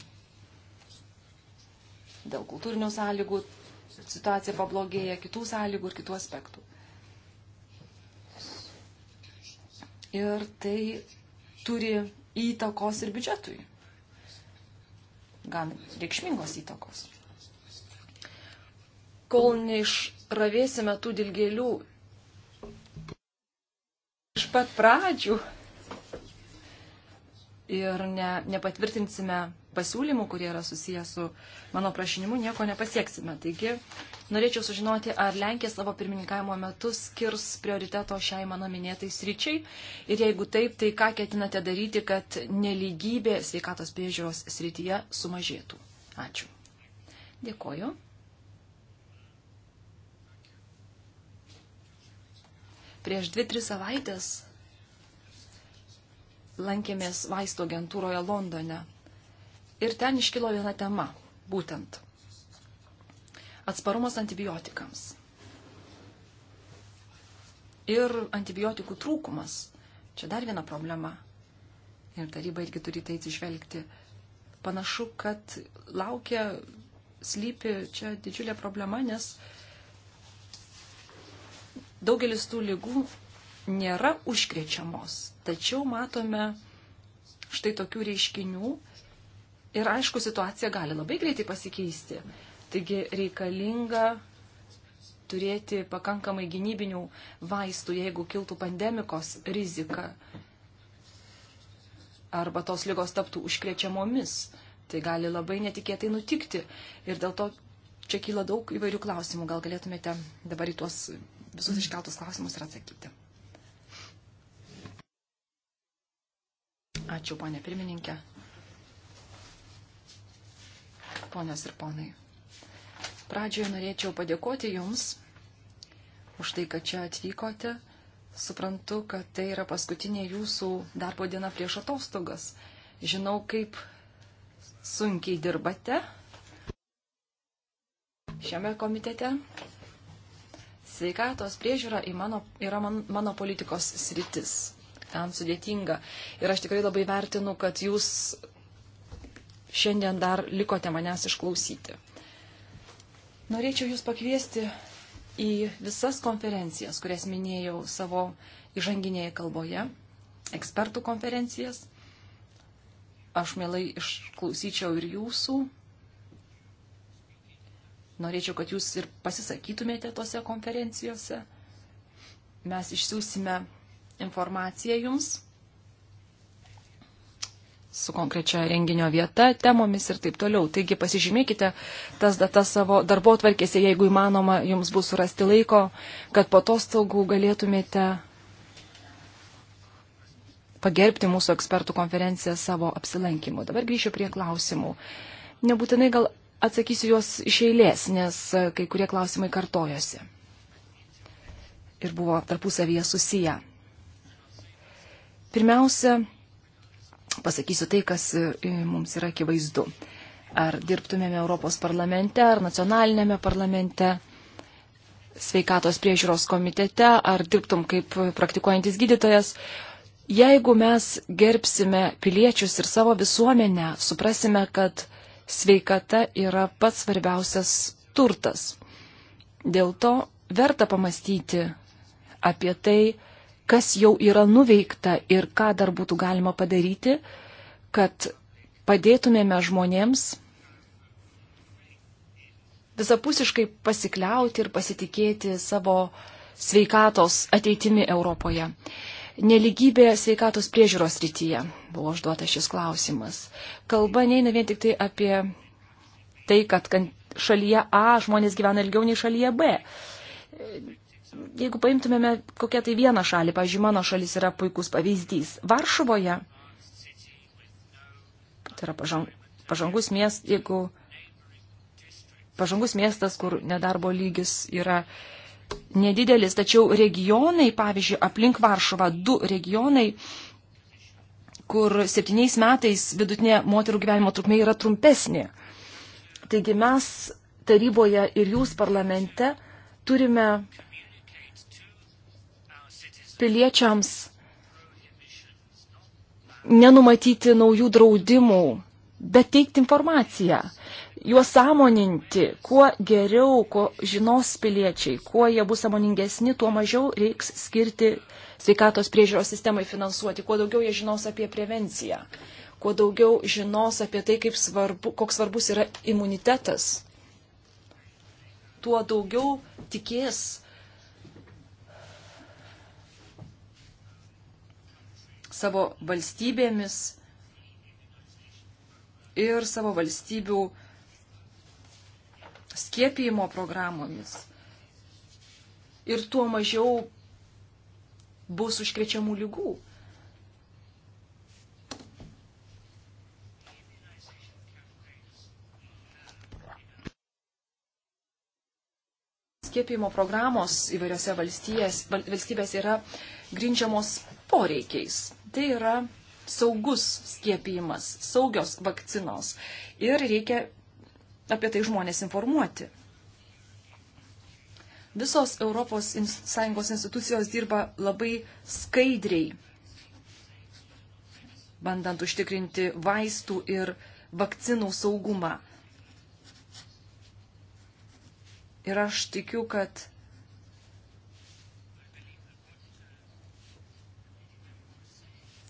Dėl kultūrinių sąlygų situacija pablogėja, kitų sąlygų ir kitų aspektų. Ir tai turi įtakos ir biudžetui. Gan reikšmingos įtakos. Kol neišravėsime tų dilgėlių iš pat pradžių, ir ne, nepatvirtinsime pasiūlymų, kurie yra susiję su mano prašinimu, nieko nepasieksime. Taigi norėčiau sužinoti, ar Lenkija savo pirmininkavimo metu skirs prioriteto šiai mano minėtai sryčiai ir jeigu taip, tai ką ketinate daryti, kad neligybė sveikatos priežiūros srityje sumažėtų. Ačiū. Dėkoju. Prieš dvi, tris savaitės lankėmės vaisto agentūroje Londone. Ir ten iškilo viena tema, būtent atsparumas antibiotikams. Ir antibiotikų trūkumas. Čia dar viena problema. Ir taryba irgi turi tai atsižvelgti. Panašu, kad laukia, slypi čia didžiulė problema, nes daugelis tų lygų nėra užkrečiamos. Tačiau matome štai tokių reiškinių ir aišku, situacija gali labai greitai pasikeisti. Taigi reikalinga turėti pakankamai gynybinių vaistų, jeigu kiltų pandemikos rizika arba tos lygos taptų užkrečiamomis. Tai gali labai netikėtai nutikti. Ir dėl to čia kyla daug įvairių klausimų. Gal galėtumėte dabar į tuos visus iškeltus klausimus ir atsakyti. Ačiū, ponė pirmininkė. Ponios ir ponai. Pradžioje norėčiau padėkoti Jums už tai, kad čia atvykote. Suprantu, kad tai yra paskutinė Jūsų darbo diena prieš atostogas. Žinau, kaip sunkiai dirbate šiame komitete. Sveikatos priežiūra mano, yra man, mano politikos sritis ten sudėtinga. Ir aš tikrai labai vertinu, kad jūs šiandien dar likote manęs išklausyti. Norėčiau jūs pakviesti į visas konferencijas, kurias minėjau savo įžanginėje kalboje, ekspertų konferencijas. Aš mielai išklausyčiau ir jūsų. Norėčiau, kad jūs ir pasisakytumėte tose konferencijose. Mes išsiųsime informaciją jums su konkrečia renginio vieta, temomis ir taip toliau. Taigi pasižymėkite tas datas savo darbo atvarkėse, jeigu įmanoma, jums bus surasti laiko, kad po atostogų galėtumėte pagerbti mūsų ekspertų konferenciją savo apsilankimu. Dabar grįšiu prie klausimų. Nebūtinai gal atsakysiu juos iš eilės, nes kai kurie klausimai kartojosi ir buvo tarpusavyje susiję. Pirmiausia, pasakysiu tai, kas e, mums yra akivaizdu. Ar dirbtumėme Europos parlamente, ar nacionalinėme parlamente, sveikatos priežiūros komitete, ar dirbtum kaip praktikuojantis gydytojas, jeigu mes gerbsime piliečius ir savo visuomenę, suprasime, kad sveikata yra pats svarbiausias turtas. Dėl to verta pamastyti apie tai, kas jau yra nuveikta ir ką dar būtų galima padaryti, kad padėtumėme žmonėms visapusiškai pasikliauti ir pasitikėti savo sveikatos ateitimi Europoje. Neligybė sveikatos priežiūros rytyje buvo užduotas šis klausimas. Kalba neina vien tik tai apie tai, kad šalyje A žmonės gyvena ilgiau nei šalyje B jeigu paimtumėme kokią tai vieną šalį, pavyzdžiui, mano šalis yra puikus pavyzdys. Varšuvoje, tai yra pažang, pažangus miestas, jeigu pažangus miestas, kur nedarbo lygis yra nedidelis, tačiau regionai, pavyzdžiui, aplink Varšuvą, du regionai, kur septyniais metais vidutinė moterų gyvenimo trukmė yra trumpesnė. Taigi mes taryboje ir jūs parlamente turime piliečiams nenumatyti naujų draudimų, bet teikti informaciją, juos sąmoninti, kuo geriau, kuo žinos piliečiai, kuo jie bus sąmoningesni, tuo mažiau reiks skirti sveikatos priežiūros sistemai finansuoti, kuo daugiau jie žinos apie prevenciją, kuo daugiau žinos apie tai, svarbu, koks svarbus yra imunitetas, tuo daugiau tikės savo valstybėmis ir savo valstybių skiepijimo programomis. Ir tuo mažiau bus užkrečiamų lygų. Skiepijimo programos įvairiose valstybės, valstybės yra grindžiamos poreikiais tai yra saugus skiepijimas, saugios vakcinos. Ir reikia apie tai žmonės informuoti. Visos ES institucijos dirba labai skaidriai, bandant užtikrinti vaistų ir vakcinų saugumą. Ir aš tikiu, kad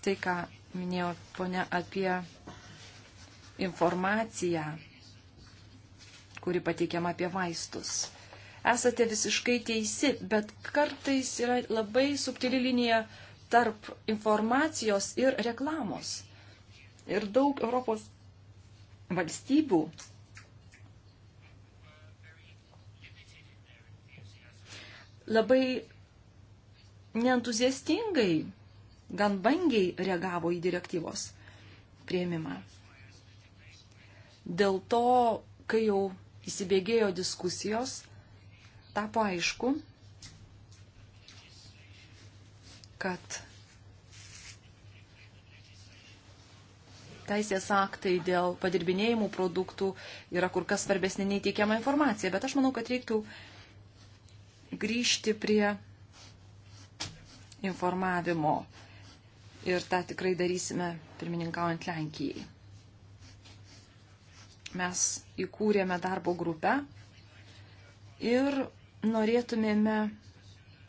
tai, ką minėjo ponia apie informaciją, kuri pateikiama apie vaistus. Esate visiškai teisi, bet kartais yra labai subtili linija tarp informacijos ir reklamos. Ir daug Europos valstybių labai neentuziastingai gan bangiai reagavo į direktyvos prieimimą. Dėl to, kai jau įsibėgėjo diskusijos, tapo aišku, kad teisės aktai dėl padirbinėjimų produktų yra kur kas svarbesnė nei teikiama informacija, bet aš manau, kad reiktų grįžti prie informavimo ir tą tikrai darysime pirmininkaujant Lenkijai. Mes įkūrėme darbo grupę ir norėtumėme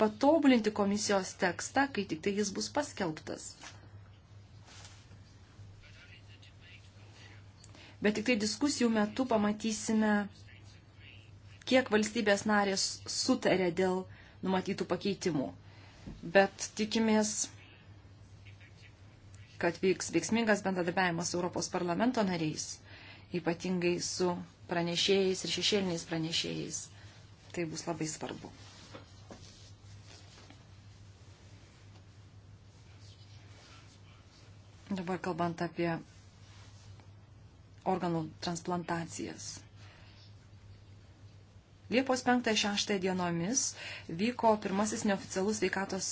patobulinti komisijos tekstą, kai tik tai jis bus paskelbtas. Bet tik tai diskusijų metu pamatysime, kiek valstybės narės sutarė dėl numatytų pakeitimų. Bet tikimės kad vyks veiksmingas bendradarbiavimas Europos parlamento nariais, ypatingai su pranešėjais ir šešėliniais pranešėjais. Tai bus labai svarbu. Dabar kalbant apie organų transplantacijas. Liepos 5-6 dienomis vyko pirmasis neoficialus sveikatos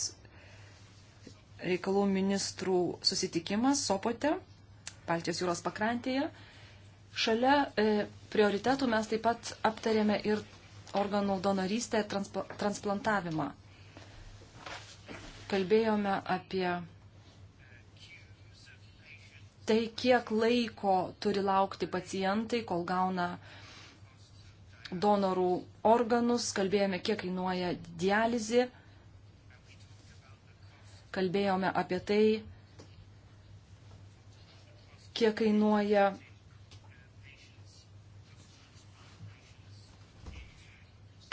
reikalų ministrų susitikimas Sopote, Baltijos jūros pakrantėje. Šalia e, prioritetų mes taip pat aptarėme ir organų donorystę ir transp transplantavimą. Kalbėjome apie tai, kiek laiko turi laukti pacientai, kol gauna donorų organus, kalbėjome, kiek kainuoja dializė kalbėjome apie tai, kiek kainuoja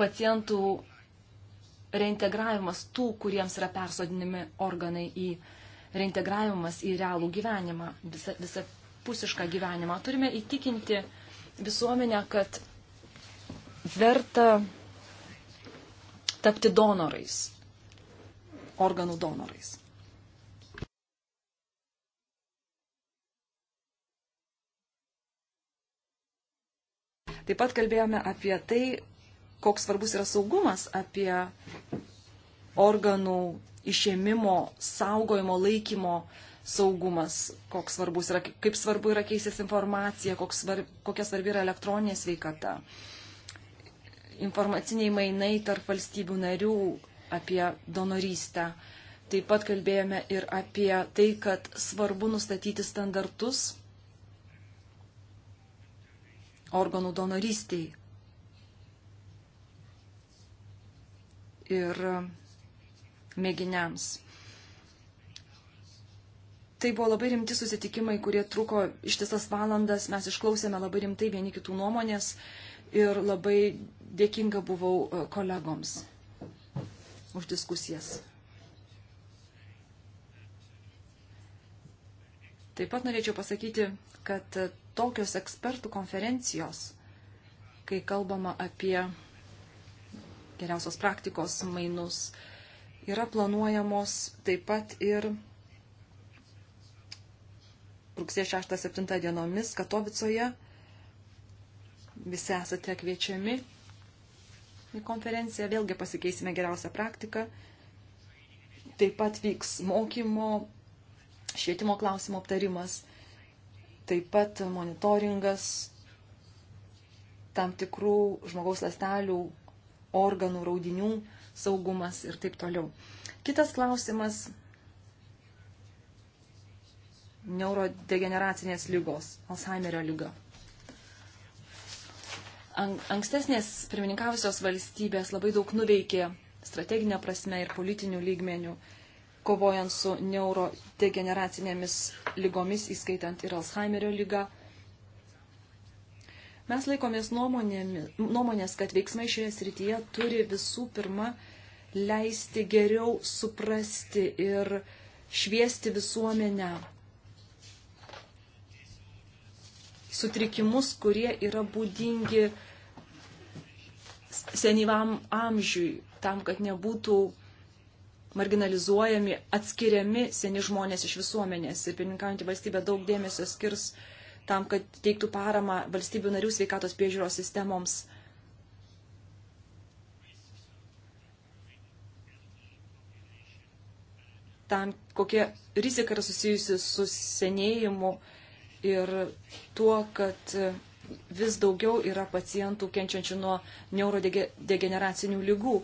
pacientų reintegravimas tų, kuriems yra persodinimi organai į reintegravimas į realų gyvenimą, visą, visą pusišką gyvenimą. Turime įtikinti visuomenę, kad verta tapti donorais organų donorais. Taip pat kalbėjome apie tai, koks svarbus yra saugumas, apie organų išėmimo, saugojimo, laikymo saugumas, koks svarbus yra, kaip svarbu yra keisės informacija, svarb, kokia svarbi yra elektroninė sveikata. Informaciniai mainai tarp valstybių narių, apie donorystę. Taip pat kalbėjome ir apie tai, kad svarbu nustatyti standartus organų donorystiai. Ir mėginiams. Tai buvo labai rimti susitikimai, kurie truko ištisas valandas, mes išklausėme labai rimtai vieni kitų nuomonės ir labai dėkinga buvau e, kolegoms už diskusijas. Taip pat norėčiau pasakyti, kad tokios ekspertų konferencijos, kai kalbama apie geriausios praktikos mainus, yra planuojamos taip pat ir rugsėjo 6-7 dienomis Katovicoje. Visi esate kviečiami konferenciją, vėlgi pasikeisime geriausią praktiką. Taip pat vyks mokymo, švietimo klausimo aptarimas, taip pat monitoringas tam tikrų žmogaus lastelių, organų, raudinių saugumas ir taip toliau. Kitas klausimas - neurodegeneracinės lygos, Alzheimerio lyga. Ankstesnės pirmininkavusios valstybės labai daug nuveikė strateginė prasme ir politinių lygmenių, kovojant su neurodegeneracinėmis lygomis, įskaitant ir Alzheimerio lygą. Mes laikomės nuomonės, kad veiksmai šioje srityje turi visų pirma leisti geriau suprasti ir šviesti visuomenę sutrikimus, kurie yra būdingi senyvam amžiui, tam, kad nebūtų marginalizuojami, atskiriami seni žmonės iš visuomenės. Ir pirmininkaujantį valstybę daug dėmesio skirs tam, kad teiktų paramą valstybių narių sveikatos priežiūros sistemoms. Tam, kokia rizika yra susijusi su senėjimu ir tuo, kad vis daugiau yra pacientų kenčiančių nuo neurodegeneracinių lygų.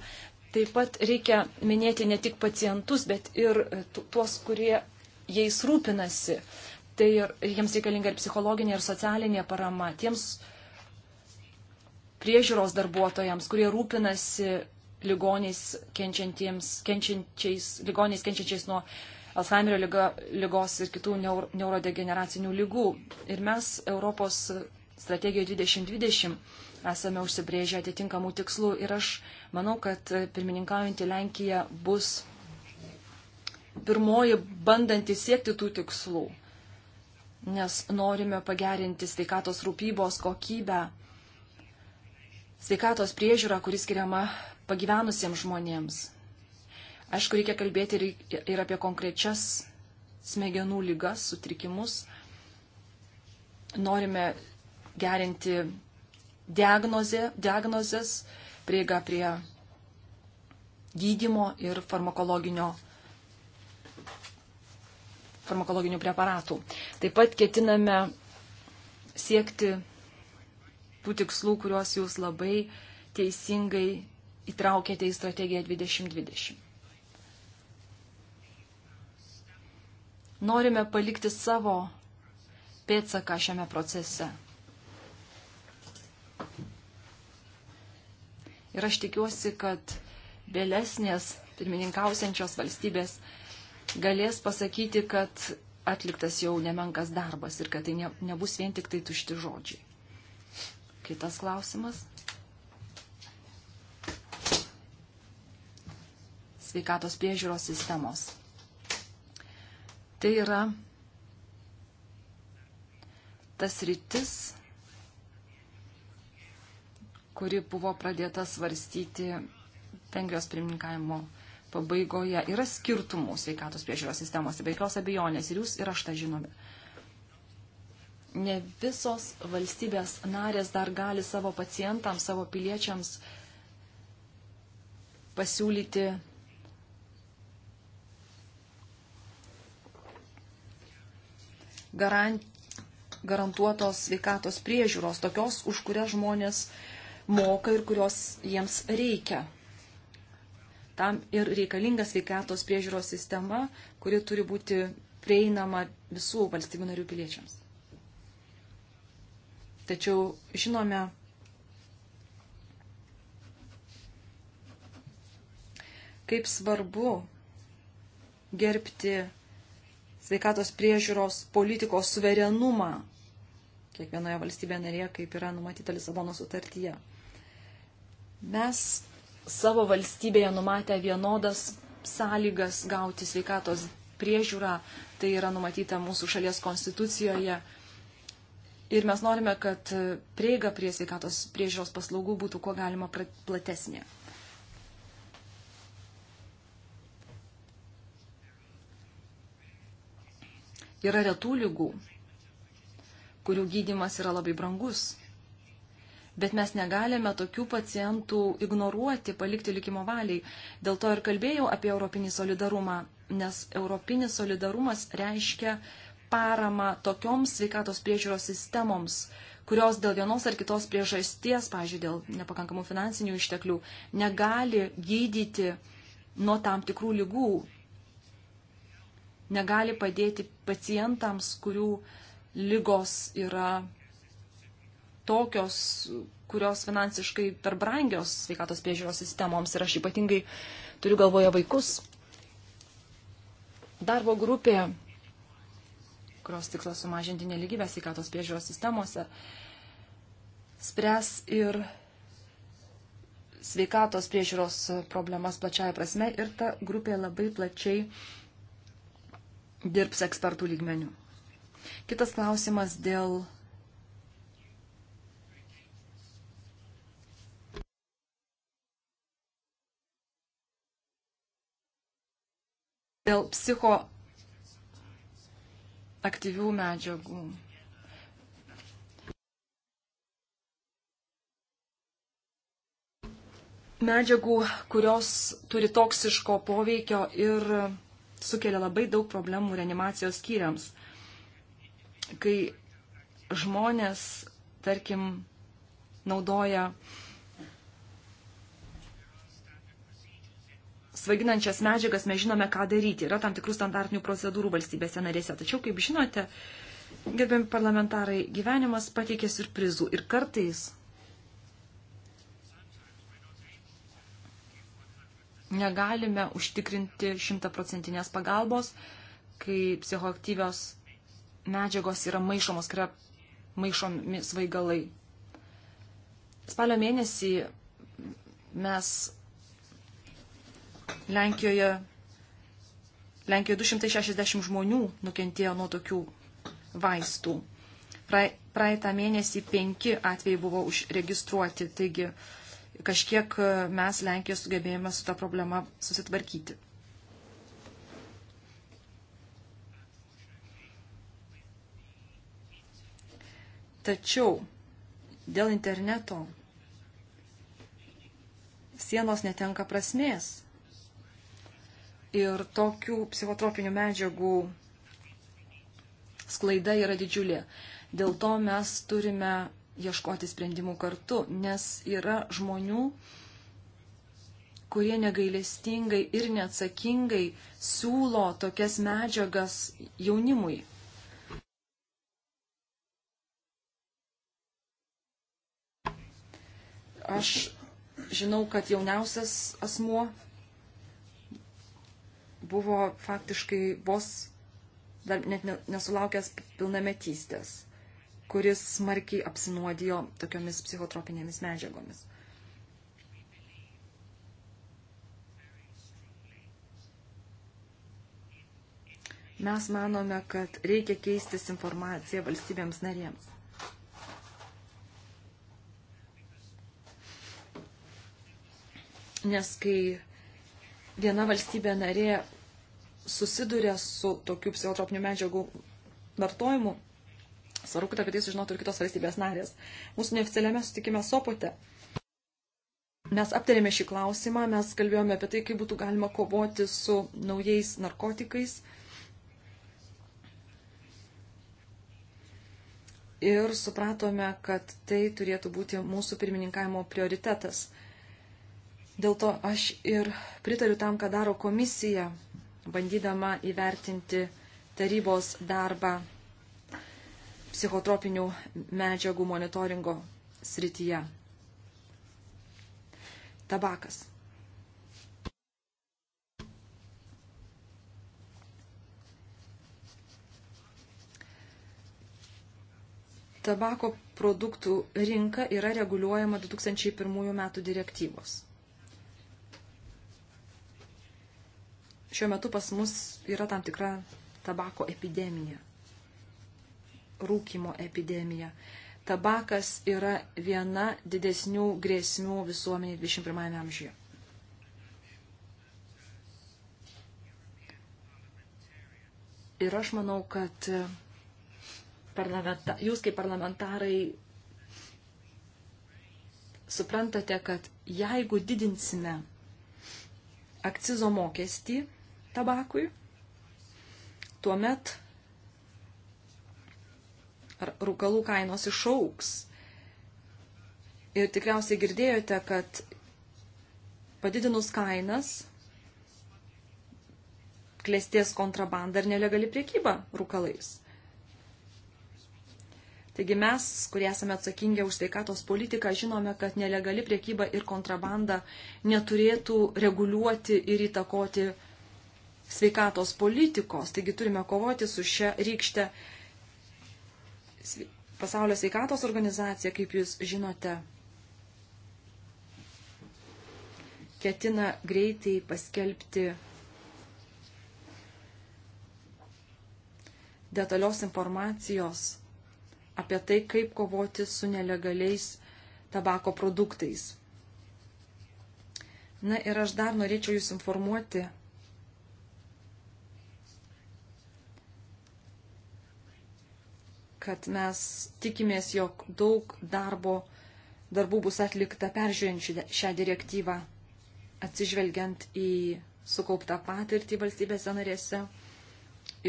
Taip pat reikia minėti ne tik pacientus, bet ir tuos, kurie jais rūpinasi. Tai ir jiems reikalinga ir psichologinė, ir socialinė parama tiems priežiūros darbuotojams, kurie rūpinasi ligoniais kenčiančiais, ligoniais kenčiančiais nuo Alzheimerio lyga, lygos ir kitų neurodegeneracinių lygų. Ir mes Europos strategijoje 2020 esame užsibrėžę atitinkamų tikslų ir aš manau, kad pirmininkaujantį Lenkiją bus pirmoji bandanti siekti tų tikslų, nes norime pagerinti sveikatos rūpybos kokybę, sveikatos priežiūrą, kuris skiriama pagyvenusiems žmonėms. Aišku, reikia kalbėti ir, ir apie konkrečias smegenų lygas, sutrikimus. Norime gerinti diagnozė, diagnozės, prieiga prie gydimo ir farmakologinio farmakologinių preparatų. Taip pat ketiname siekti tų tikslų, kuriuos jūs labai teisingai įtraukėte į strategiją 2020. norime palikti savo pėtsaką šiame procese. Ir aš tikiuosi, kad vėlesnės pirmininkausiančios valstybės galės pasakyti, kad atliktas jau nemenkas darbas ir kad tai ne, nebus vien tik tai tušti žodžiai. Kitas klausimas. Sveikatos priežiūros sistemos Tai yra tas rytis, kuri buvo pradėta svarstyti Vengrijos pirmininkavimo pabaigoje. Yra skirtumų sveikatos priežiūros sistemos, be jokios abejonės, ir jūs ir aš tą žinome. Ne visos valstybės narės dar gali savo pacientams, savo piliečiams pasiūlyti garant, garantuotos sveikatos priežiūros, tokios, už kurią žmonės moka ir kurios jiems reikia. Tam ir reikalinga sveikatos priežiūros sistema, kuri turi būti prieinama visų valstybių narių piliečiams. Tačiau žinome, kaip svarbu gerbti sveikatos priežiūros politikos suverenumą kiekvienoje valstybėje narėje, kaip yra numatyta Lisabono sutartyje. Mes savo valstybėje numatę vienodas sąlygas gauti sveikatos priežiūrą, tai yra numatyta mūsų šalies konstitucijoje. Ir mes norime, kad prieiga prie sveikatos priežiūros paslaugų būtų kuo galima platesnė. Yra retų lygų, kurių gydimas yra labai brangus. Bet mes negalime tokių pacientų ignoruoti, palikti likimo valiai. Dėl to ir kalbėjau apie europinį solidarumą, nes europinis solidarumas reiškia paramą tokioms sveikatos priežiūros sistemoms, kurios dėl vienos ar kitos priežasties, pažiūrėjau, dėl nepakankamų finansinių išteklių, negali gydyti nuo tam tikrų lygų, negali padėti pacientams, kurių lygos yra tokios, kurios finansiškai per brangios sveikatos priežiūros sistemoms ir aš ypatingai turiu galvoje vaikus. Darbo grupė, kurios tikslas sumažinti neligybę sveikatos priežiūros sistemose, spręs ir sveikatos priežiūros problemas plačiaja prasme ir ta grupė labai plačiai dirbs ekspertų lygmenių. Kitas klausimas dėl dėl psichoaktyvių medžiagų. Medžiagų, kurios turi toksiško poveikio ir sukelia labai daug problemų reanimacijos skyriams. Kai žmonės, tarkim, naudoja svaiginančias medžiagas, mes žinome, ką daryti. Yra tam tikrų standartinių procedūrų valstybėse narėse. Tačiau, kaip žinote, gerbiami parlamentarai, gyvenimas pateikė surprizų ir kartais negalime užtikrinti šimtaprocentinės pagalbos, kai psichoaktyvios medžiagos yra maišomos, kai yra maišomi svaigalai. Spalio mėnesį mes Lenkijoje, Lenkijoje 260 žmonių nukentėjo nuo tokių vaistų. Praeitą mėnesį penki atvejai buvo užregistruoti, taigi kažkiek e, mes Lenkijoje sugebėjome su tą problemą susitvarkyti. Tačiau dėl interneto sienos netenka prasmės. Ir tokių psichotropinių medžiagų sklaida yra didžiulė. Dėl to mes turime ieškoti sprendimų kartu, nes yra žmonių, kurie negailestingai ir neatsakingai siūlo tokias medžiagas jaunimui. Aš žinau, kad jauniausias asmuo buvo faktiškai vos dar net nesulaukęs pilnametystės kuris smarkiai apsinuodijo tokiomis psichotropinėmis medžiagomis. Mes manome, kad reikia keistis informaciją valstybėms narėms. Nes kai viena valstybė narė susiduria su tokių psichotropinių medžiagų vartojimu, Svarbu, kad apie tai sužinotų ir kitos valstybės narės. Mūsų neoficialiame sutikime Sopote. Mes aptarėme šį klausimą, mes kalbėjome apie tai, kaip būtų galima kovoti su naujais narkotikais. ir supratome, kad tai turėtų būti mūsų pirmininkavimo prioritetas. Dėl to aš ir pritariu tam, ką daro komisija, bandydama įvertinti tarybos darbą psichotropinių medžiagų monitoringo srityje. Tabakas. Tabako produktų rinka yra reguliuojama 2001 metų direktyvos. Šiuo metu pas mus yra tam tikra tabako epidemija rūkimo epidemiją. Tabakas yra viena didesnių grėsmių visuomeniai 21 amžiuje. Ir aš manau, kad jūs kaip parlamentarai suprantate, kad jeigu didinsime akcizo mokestį tabakui, tuomet ar rūkalų kainos išauks. Ir tikriausiai girdėjote, kad padidinus kainas klėsties kontrabanda ir nelegali priekyba rūkalais. Taigi mes, kurie esame atsakingi už sveikatos politiką, žinome, kad nelegali priekyba ir kontrabanda neturėtų reguliuoti ir įtakoti sveikatos politikos. Taigi turime kovoti su šia rykšte Pasaulio sveikatos organizacija, kaip jūs žinote, ketina greitai paskelbti detalios informacijos apie tai, kaip kovoti su nelegaliais tabako produktais. Na ir aš dar norėčiau Jūs informuoti kad mes tikimės, jog daug darbo, darbų bus atlikta peržiūrint šią direktyvą, atsižvelgiant į sukauptą patirtį valstybėse narėse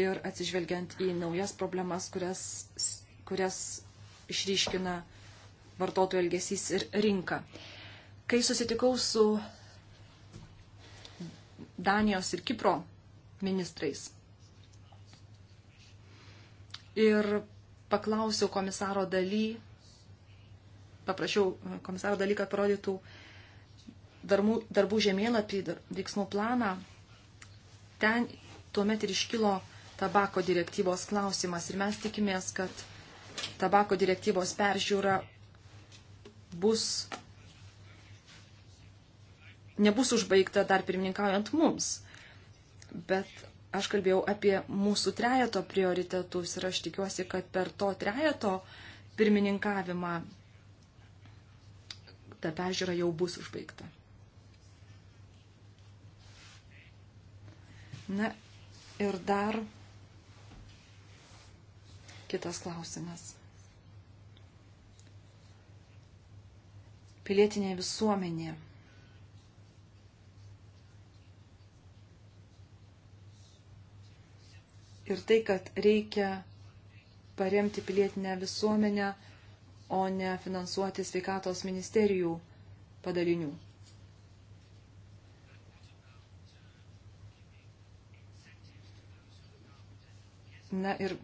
ir atsižvelgiant į naujas problemas, kurias, kurias išryškina vartotojų elgesys ir rinka. Kai susitikau su Danijos ir Kipro ministrais ir paklausiau komisaro daly, paprašiau e, komisaro daly, kad parodytų darbų, darbų žemėlapį, dar, veiksmų planą. Ten tuomet ir iškilo tabako direktyvos klausimas ir mes tikimės, kad tabako direktyvos peržiūra bus, nebus užbaigta dar pirmininkaujant mums. Bet aš kalbėjau apie mūsų trejato prioritetus ir aš tikiuosi, kad per to trejato pirmininkavimą ta peržiūra jau bus užbaigta. Na ir dar kitas klausimas. Pilietinė visuomenė ir tai, kad reikia paremti pilietinę visuomenę, o ne finansuoti sveikatos ministerijų padalinių. Na ir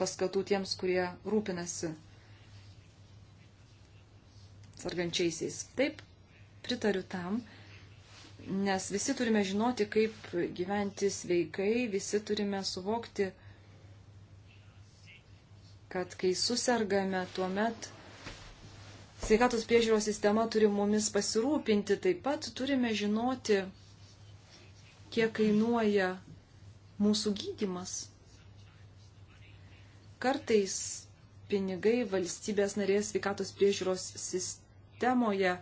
paskatų tiems, kurie rūpinasi sargančiaisiais. Taip, pritariu tam, Nes visi turime žinoti, kaip gyventi sveikai, visi turime suvokti, kad kai susirgame, tuomet sveikatos priežiūros sistema turi mumis pasirūpinti, taip pat turime žinoti, kiek kainuoja mūsų gydimas. Kartais pinigai valstybės narės sveikatos priežiūros sistemoje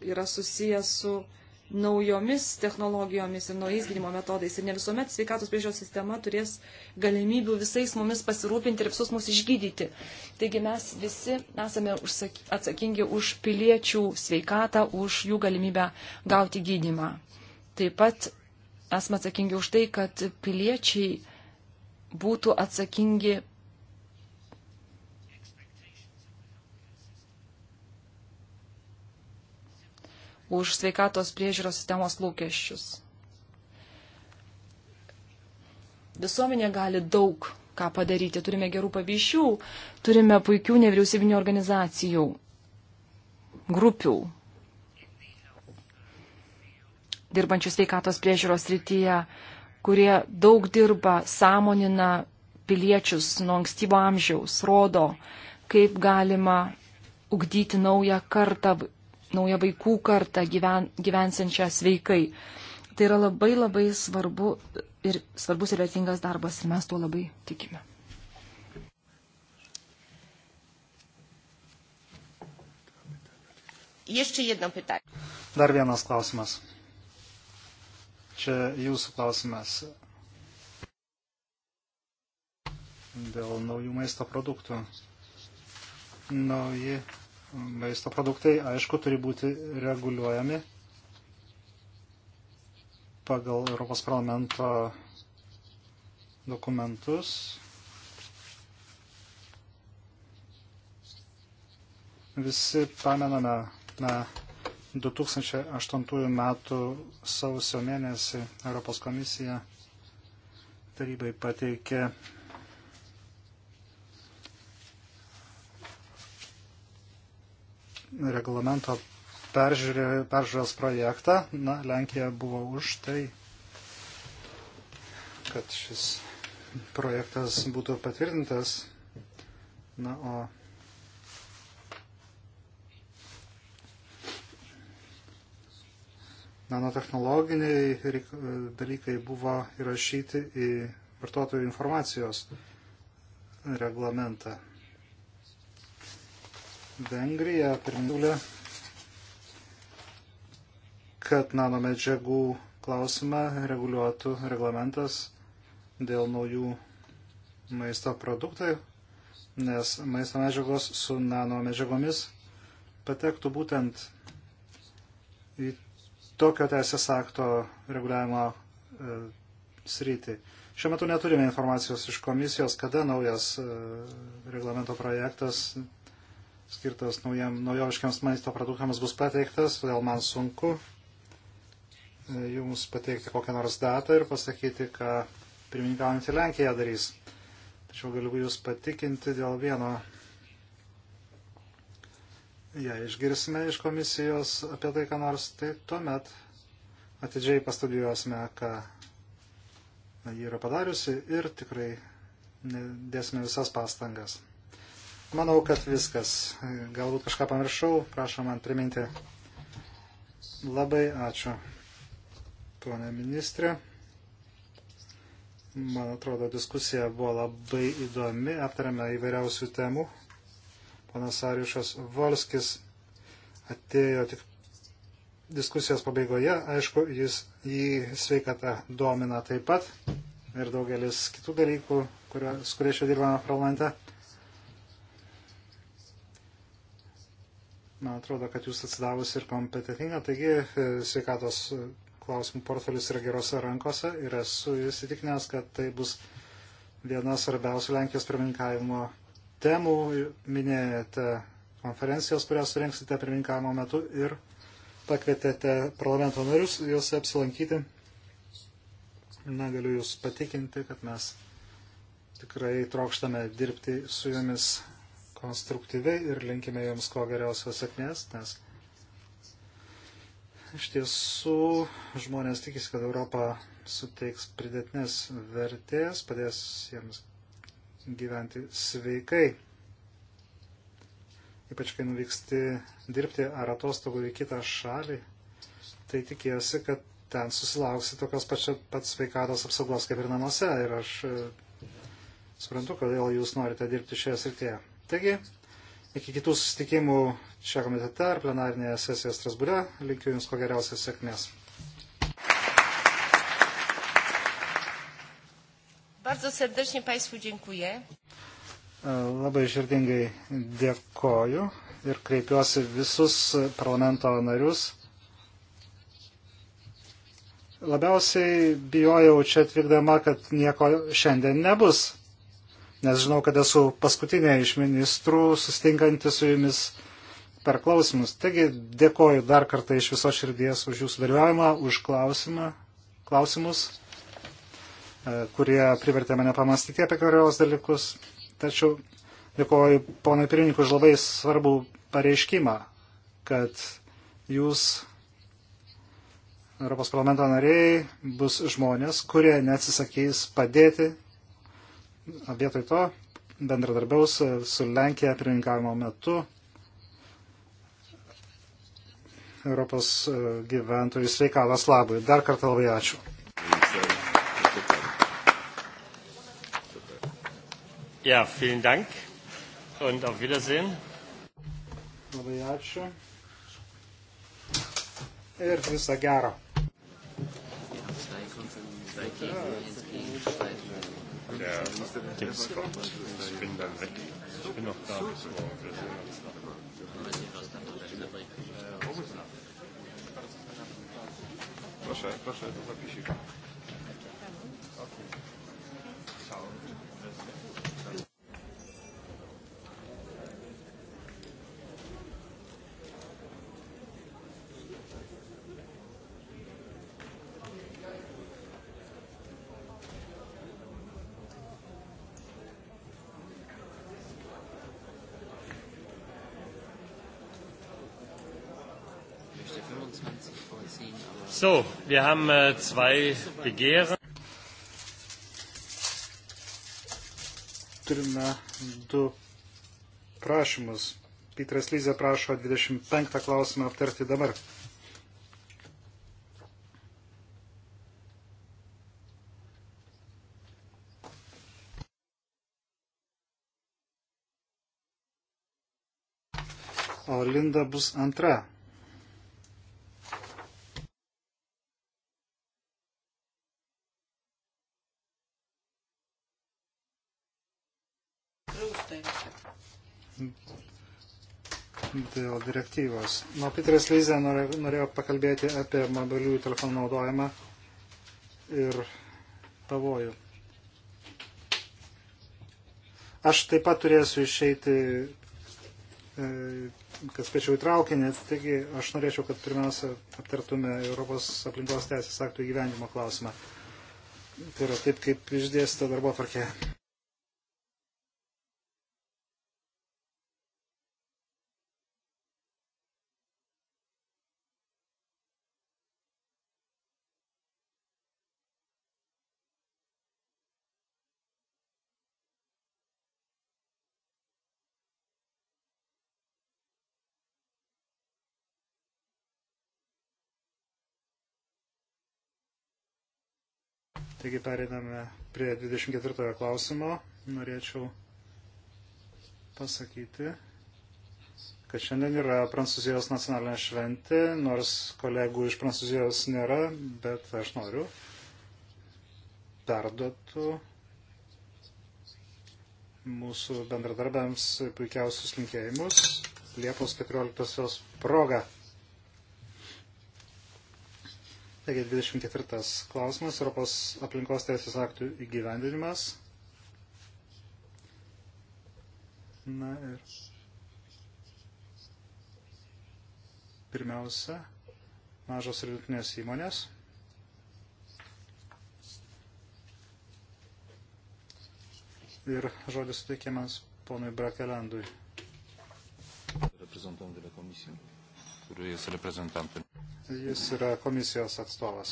yra susijęs su naujomis technologijomis ir naujais gydymo metodais. Ir ne visuomet sveikatos priežiūros sistema turės galimybių visais mumis pasirūpinti ir visus mus išgydyti. Taigi mes visi esame atsakingi už piliečių sveikatą, už jų galimybę gauti gydimą. Taip pat esame atsakingi už tai, kad piliečiai būtų atsakingi už sveikatos priežiūros sistemos lūkesčius. Visuomenė gali daug ką padaryti. Turime gerų pavyzdžių, turime puikių nevyriausybinio organizacijų, grupių, dirbančių sveikatos priežiūros rytyje, kurie daug dirba, sąmonina piliečius nuo ankstyvo amžiaus, rodo, kaip galima ugdyti naują kartą naują vaikų kartą gyven, gyvensančią sveikai. Tai yra labai labai svarbu ir svarbus ir vertingas darbas ir mes tuo labai tikime. Jeszcze jedno pytanie. Dar vienas klausimas. Čia jūsų klausimas dėl naujų maisto produktų. Nauji maisto produktai, aišku, turi būti reguliuojami pagal Europos parlamento dokumentus. Visi pamename na, 2008 metų sausio mėnesį Europos komisija tarybai pateikė reglamento peržiūros projektą. Na, Lenkija buvo už tai, kad šis projektas būtų patvirtintas. Na, o nanotehnologiniai dalykai buvo įrašyti į vartotojų informacijos reglamentą. Vengrija pirmiulė, kad nanomedžiagų klausimą reguliuotų reglamentas dėl naujų maisto produktai, nes maisto medžiagos su nanomedžiagomis patektų būtent į tokio teisės akto reguliavimo e, sritį. Šiuo metu neturime informacijos iš komisijos, kada naujas e, reglamento projektas skirtas naujam, naujoviškiams maisto produktams bus pateiktas, todėl man sunku e, jums pateikti kokią nors datą ir pasakyti, ką pirmininkaujantį Lenkiją darys. Tačiau galiu jūs patikinti dėl vieno. Jei išgirsime iš komisijos apie tai, ką nors, tai tuomet atidžiai pastudijuosime, ką jį yra padariusi ir tikrai dėsime visas pastangas. Manau, kad viskas. Galbūt kažką pamiršau, prašom man priminti. Labai ačiū, ponė ministrė. Man atrodo, diskusija buvo labai įdomi, aptarėme įvairiausių temų. Panas Ariušas Volskis atėjo tik diskusijos pabaigoje, aišku, jis jį sveikata domina taip pat ir daugelis kitų dalykų, kurio, su kuria čia dirbame parlamente. Man atrodo, kad jūs atsidavus ir kompetitinga, taigi e, sveikatos e, klausimų portfelius yra gerose rankose ir esu įsitikinęs, kad tai bus viena svarbiausių Lenkijos pirmininkavimo temų. Minėjote konferencijos, kurią surinksite pirmininkavimo metu ir pakvietėte parlamento narius juose apsilankyti. Na, galiu jūs patikinti, kad mes tikrai trokštame dirbti su jumis konstruktyviai ir linkime jums kuo geriausios sėkmės, nes iš tiesų žmonės tikisi, kad Europa suteiks pridėtinės vertės, padės jiems gyventi sveikai. Ypač kai nuvyksti dirbti ar atostogų į kitą šalį, tai tikiesi, kad ten susilauksi tokios pačios pats sveikatos apsaugos kaip ir namuose. Ir aš e, suprantu, kodėl jūs norite dirbti šioje srityje. Taigi, iki kitų susitikimų čia komitete ar plenarinėje sesijoje Strasbūre. Linkiu Jums ko geriausios sėkmės. Bardzo serdecznie Państwu dziękuję. E, Labai širdingai dėkoju ir kreipiuosi visus parlamento narius. Labiausiai bijojau čia atvykdama, kad nieko šiandien nebus nes žinau, kad esu paskutinė iš ministrų sustinkanti su jumis per klausimus. Taigi dėkoju dar kartą iš viso širdies už jūsų dalyvavimą, už klausimą, klausimus, e, kurie privertė mane pamastyti apie karios dalykus. Tačiau dėkoju ponui Pirinikui už labai svarbų pareiškimą, kad jūs Europos parlamento nariai bus žmonės, kurie neatsisakys padėti vietoj to bendradarbiaus su Lenkija pirmininkavimo metu Europos e, gyventojų sveikatos labui. Dar kartą labai ačiū. Ja, vielen Dank und auf Wiedersehen. Labai ačiū. Ir viso gero. der Gipsfront. Ich bin dann weg. Ich bin noch da. Proszę, proszę, to zapisik. So, wir haben äh, zwei Begehren. Turime du prašymus. Pitras Lyzė prašo 25 klausimą aptarti dabar. O Linda bus antra. dėl direktyvos. Na, Peteris Lyze norėjo pakalbėti apie mobiliųjų telefonų naudojimą ir pavojų. Aš taip pat turėsiu išeiti, e, kad spėčiau įtraukinį, taigi aš norėčiau, kad pirmiausia aptartume Europos aplinkos teisės aktų įgyvendimo klausimą. Tai yra taip, kaip išdėstė darbo tvarkė. Taigi pereiname prie 24 klausimo. Norėčiau pasakyti, kad šiandien yra Prancūzijos nacionalinė šventė, nors kolegų iš Prancūzijos nėra, bet aš noriu perduotų mūsų bendradarbiams puikiausius linkėjimus Liepos 14 proga. Taigi 24 klausimas, Europos aplinkos teisės aktų įgyvendinimas. Na ir pirmiausia, mažos ir vidutinės įmonės. Ir žodis suteikiamas ponui Brakelandui. Reprezentant de la komisija, kuris reprezentantų. Tai jis yra komisijos atstovas.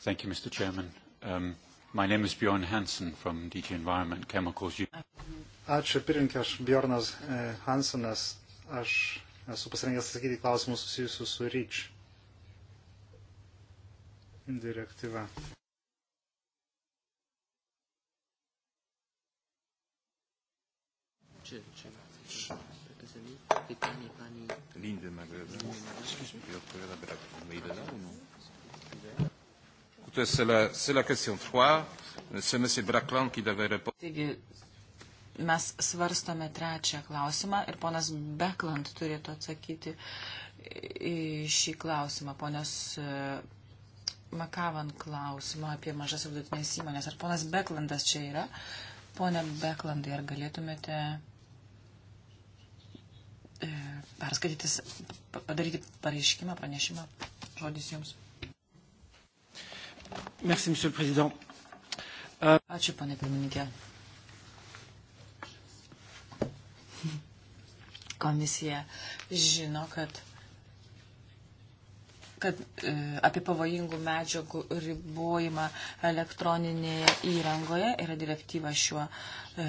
Thank you, Mr. Chairman. Um, my name is Bjorn Hansen from DG Environment Chemicals. Ačiū pirmininkė, aš Bjornas eh, Hansenas. Aš esu pasirengęs atsakyti klausimus susijusius su REACH direktyva. Czy, czy, czy, Pani, pytanie pani... Lindy Magdalena. I odpowiada Magdalena, no? Écoutez, c'est la, c'est la question 3. C'est M. Brackland qui devait répondre. Taigi, mes svarstome trečią klausimą ir ponas Bekland turėtų atsakyti į šį klausimą. Ponas Makavan klausimą apie mažas ir vidutinės įmonės. Ar ponas Beklandas čia yra? Pone Beklandai, ar galėtumėte e, perskaitytis, padaryti pareiškimą, pranešimą? Žodis jums. Merci, monsieur le président. Ačiū, ponė pirmininkė. Komisija žino, kad kad e, apie pavojingų medžiagų ribojimą elektroninėje įrangoje yra direktyva šiuo e,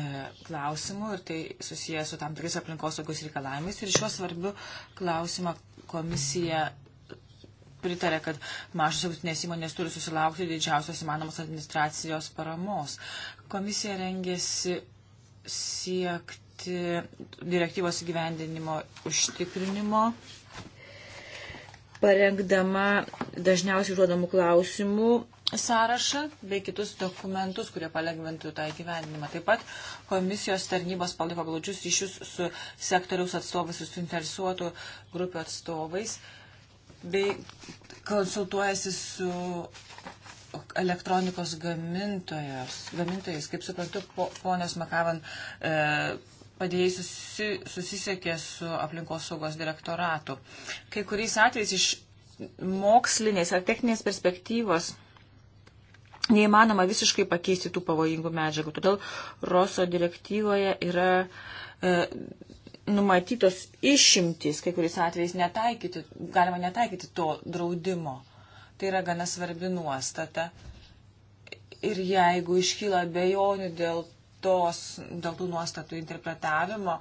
klausimu ir tai susijęs su tam tikrais aplinkosaugos reikalavimais. Ir šiuo svarbiu klausimą komisija pritarė, kad mažos vidutinės įmonės turi susilaukti didžiausios įmanomos administracijos paramos. Komisija rengėsi siekti direktyvos įgyvendinimo užtikrinimo parengdama dažniausiai užduodamų klausimų sąrašą bei kitus dokumentus, kurie palengventų tą įgyvendinimą. Taip pat komisijos tarnybos palaiko glaudžius ryšius su sektoriaus atstovais ir suinteresuotų grupių atstovais bei konsultuojasi su elektronikos gamintojos, gamintojais. Kaip suprantu, po, ponas Makavan e, padėjai susi, susisiekė su aplinkos saugos direktoratu. Kai kuriais atvejais iš mokslinės ar techninės perspektyvos neįmanoma visiškai pakeisti tų pavojingų medžiagų. Todėl ROSO direktyvoje yra e, numatytos išimtis, kai kuriais atvejais netaikyti, galima netaikyti to draudimo. Tai yra gana svarbi nuostata. Ir jeigu iškyla bejonių dėl tos, dėl tų nuostatų interpretavimo,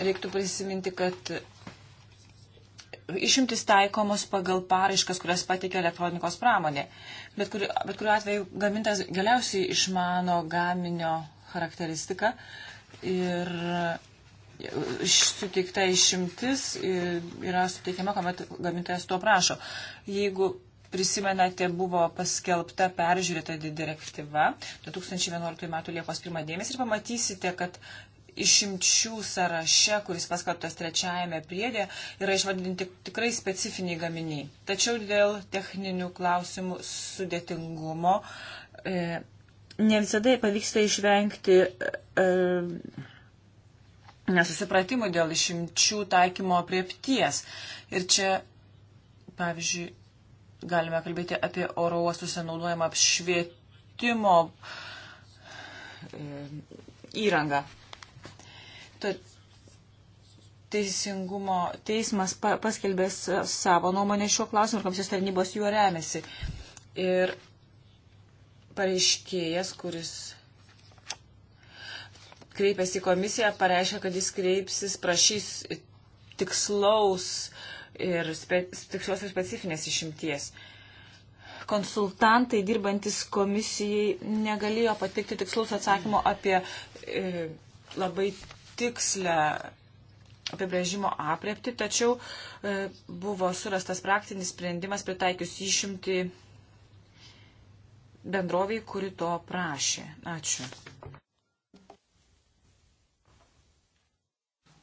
reiktų prisiminti, kad išimtis taikomos pagal paraiškas, kurias pateikia elektronikos pramonė. Bet, kur, bet kuriuo atveju gamintas galiausiai išmano gaminio charakteristiką ir suteikta išimtis yra suteikiama, kuomet gamintojas to prašo. Jeigu prisimenate, buvo paskelbta peržiūrėta direktyva 2011 m. Liepos 1 dėmesį ir pamatysite, kad išimčių sąraše, kuris paskelbtas trečiajame priedė, yra išvadinti tikrai specifiniai gaminiai. Tačiau dėl techninių klausimų sudėtingumo e, ne visada pavyksta išvengti. E, e nesusipratimų dėl išimčių taikymo priepties. Ir čia, pavyzdžiui, galime kalbėti apie oro uostus naudojamą apšvietimo e, įrangą. Tad Teisingumo teismas paskelbė savo nuomonę šiuo klausimu ir komisijos tarnybos juo remiasi. Ir pareiškėjas, kuris kreipėsi į komisiją, pareiškė, kad jis kreipsis, prašys tikslaus uh, ir spe, tikslios ir specifinės išimties. Konsultantai dirbantis komisijai negalėjo patikti tikslaus atsakymo apie e, labai tikslę apibrėžimo apriepti, tačiau e, buvo surastas praktinis sprendimas pritaikius išimti bendroviai, kuri to prašė. Ačiū.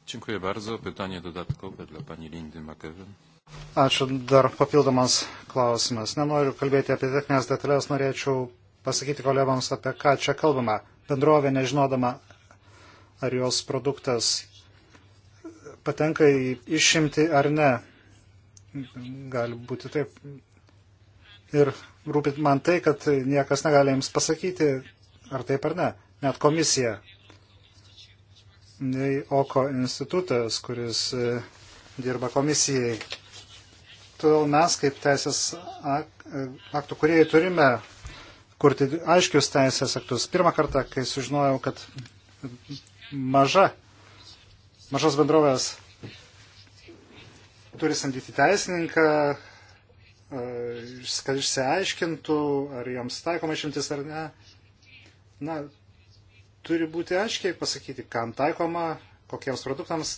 Dziękuję bardzo. Pytanie dodatkowe dla pani Lindy McEwen. Ačiū dar papildomas klausimas. Nenoriu kalbėti apie techninės detalės, norėčiau pasakyti kolegams, apie ką čia kalbame. Bendrovė nežinodama, ar jos produktas patenka į išimti ar ne. Gali būti taip. Ir rūpit man tai, kad niekas negali jums pasakyti, ar taip ar ne. Net komisija nei OKO institutas, kuris e, dirba komisijai. Todėl mes kaip teisės ak e, aktų kuriejai turime kurti aiškius teisės aktus. Pirmą kartą, kai sužinojau, kad maža, mažos bendrovės turi samdyti teisininką, e, kad išsiaiškintų, ar joms taikoma išimtis ar ne. Na, turi būti aiškiai pasakyti, kam taikoma, kokiems produktams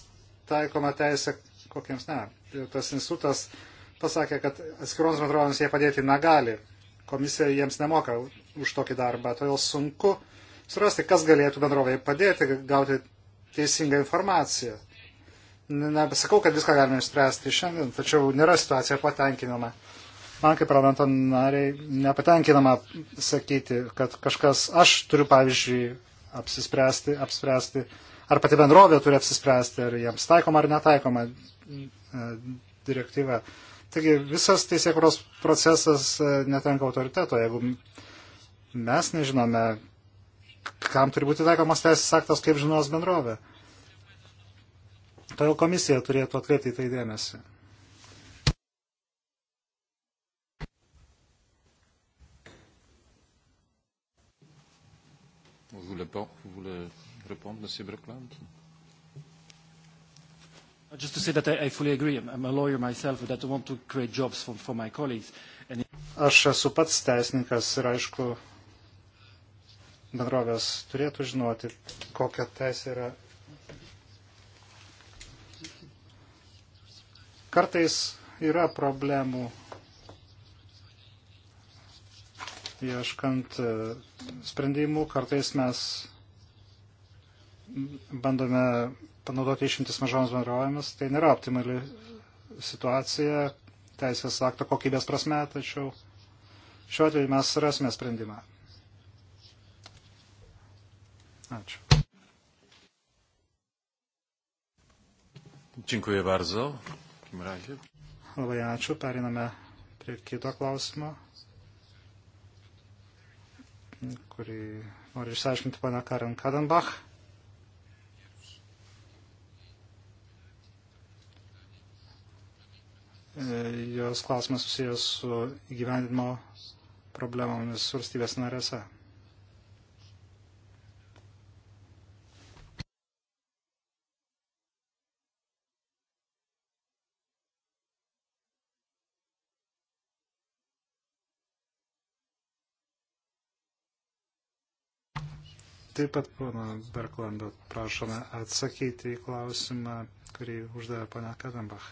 taikoma teisė, kokiems ne. Ir tas institutas pasakė, kad atskiroms bendrovėms jie padėti negali. Komisija jiems nemoka už tokį darbą, todėl sunku surasti, kas galėtų bendrovėje padėti, gauti teisingą informaciją. Nebesakau, kad viską galime išspręsti šiandien, tačiau nėra situacija patenkinama. Man kaip parlamento nariai nepatenkinama sakyti, kad kažkas, aš turiu pavyzdžiui apsispręsti, apspręsti, ar pati bendrovė turi apsispręsti, ar jiems taikoma ar netaikoma e, direktyva. Taigi visas teisėkuros procesas e, netenka autoriteto, jeigu mes nežinome, kam turi būti taikomas teisės aktas, kaip žinos bendrovė. Todėl komisija turėtų atkreipti į tai dėmesį. vous voulez, vous voulez répondre, Monsieur Brockland Just to say that I, I fully agree. I'm a lawyer myself, but I want to create jobs for, for my colleagues. And... Aš esu pats teisininkas ir aišku, bendrovės turėtų žinoti, kokia teisė yra. Kartais yra problemų ieškant e, sprendimų. Kartais mes bandome panaudoti išimtis mažoms bendrovėmis. Tai nėra optimali situacija teisės akto kokybės prasme, tačiau šiuo atveju mes rasime sprendimą. Ačiū. Dziękuję bardzo. W takim razie. Labai ačiū. Periname prie kito klausimo kurį nori išsiaiškinti pana Karen Kadenbach. E, jos klausimas susijęs su įgyvendinimo problemomis valstybės narėse. Taip pat, pono Berklando, prašome atsakyti į klausimą, kurį uždavė pana Kadenbach.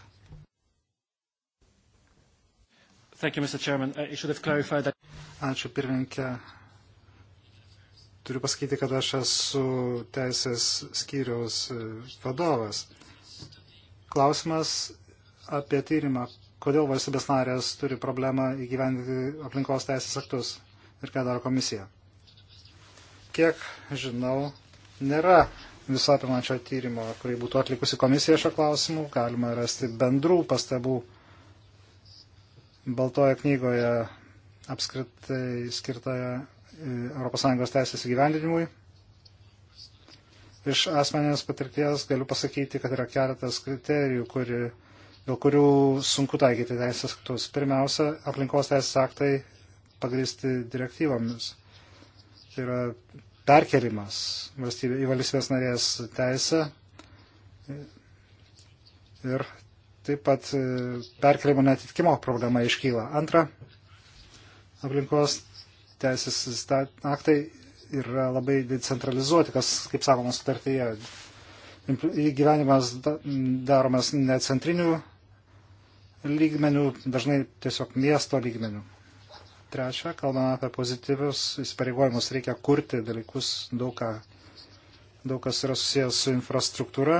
Thank you, Mr. Chairman. I uh, should have clarified that. Ačiū pirmininkė. Turiu pasakyti, kad aš esu teisės skyriaus uh, vadovas. Klausimas apie tyrimą. Kodėl valstybės narės turi problemą įgyvendinti aplinkos teisės aktus ir ką daro komisija? kiek žinau, nėra viso apimančio tyrimo, kurį būtų atlikusi komisija šio klausimu. Galima rasti bendrų pastabų Baltoje knygoje apskritai skirtoje ES teisės įgyvendinimui. Iš asmenės patirties galiu pasakyti, kad yra keletas kriterijų, kuri, dėl kurių sunku taikyti teisės aktus. Pirmiausia, aplinkos teisės aktai pagristi direktyvomis. Tai yra perkelimas valstybė, į valstybės narės teisę ir taip pat e, perkelimo netitikimo problema iškyla. Antra, aplinkos teisės aktai yra labai decentralizuoti, kas, kaip sakoma, sutartyje. Įgyvenimas daromas ne centrinių lygmenių, dažnai tiesiog miesto lygmenių. Trečia, kalbame apie pozityvius įsipareigojimus, reikia kurti dalykus, daug, ką, daug kas yra susijęs su infrastruktūra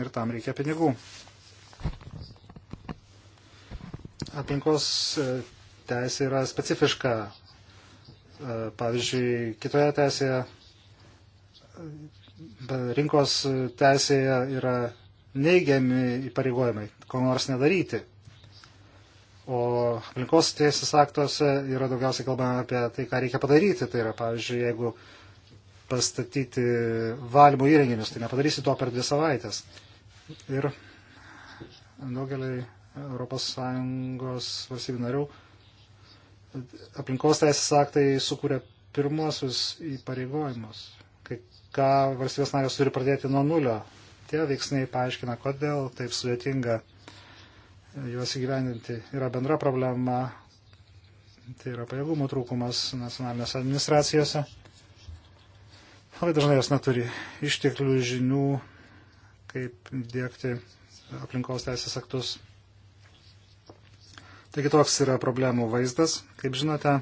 ir tam reikia pinigų. Aplinkos e, teisė yra specifiška. E, pavyzdžiui, kitoje teisėje e, rinkos teisėje yra neigiami įpareigojimai, ko nors nedaryti. O aplinkos teisės aktuose yra daugiausiai kalbama apie tai, ką reikia padaryti. Tai yra, pavyzdžiui, jeigu pastatyti valymo įrenginius, tai nepadarysi to per dvi savaitės. Ir daugeliai ES valstybių narių aplinkos teisės aktai sukūrė pirmuosius įpareigojimus, kai ką valstybės narės turi pradėti nuo nulio. Tie veiksniai paaiškina, kodėl taip sudėtinga juos įgyvendinti. Yra bendra problema, tai yra pajėgumų trūkumas nacionalinės administracijose. Labai dažnai jos neturi išteklių žinių, kaip dėkti aplinkos teisės aktus. Taigi toks yra problemų vaizdas. Kaip žinote,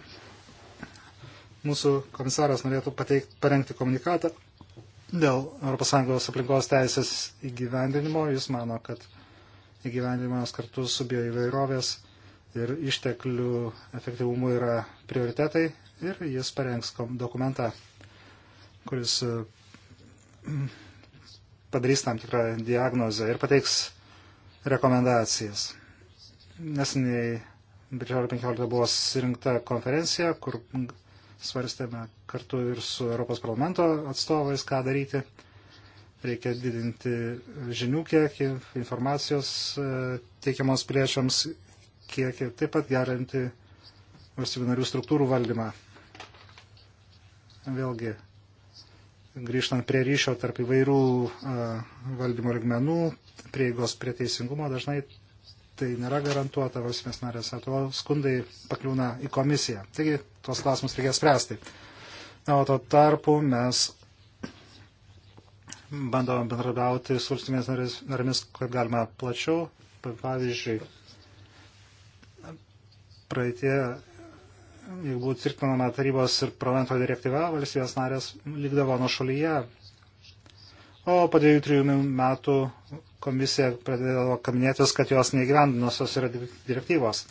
mūsų komisaras norėtų pateikti, parengti komunikatą dėl ES aplinkos teisės įgyvendinimo. Jis mano, kad įgyvendinimas kartu su bioįvairovės ir išteklių efektyvumu yra prioritetai ir jis parengs dokumentą, kuris e, padarys tam tikrą diagnozę ir pateiks rekomendacijas. Nesiniai Birželio 15 buvo surinkta konferencija, kur svarstėme kartu ir su Europos parlamento atstovais, ką daryti reikia didinti žinių kiekį, informacijos e, teikiamos priešiams kiekį, taip pat gerinti valstybių narių struktūrų valdymą. Vėlgi, grįžtant prie ryšio tarp įvairių e, valdymo regmenų, prieigos prie teisingumo dažnai tai nėra garantuota valstybės narės, to skundai pakliūna į komisiją. Taigi, tuos klausimus reikės spręsti. Na, o to tarpu mes bandome bendrabiauti su valstybės narėmis, kaip galima plačiau. Pavyzdžiui, praeitie, jeigu būtų tvirtinama tarybos ir parlamento direktyva, valstybės narės likdavo nuo šalyje. O po dviejų, trijų metų komisija pradėjo kaminėtis, kad jos neįgyvendinusios yra direktyvos.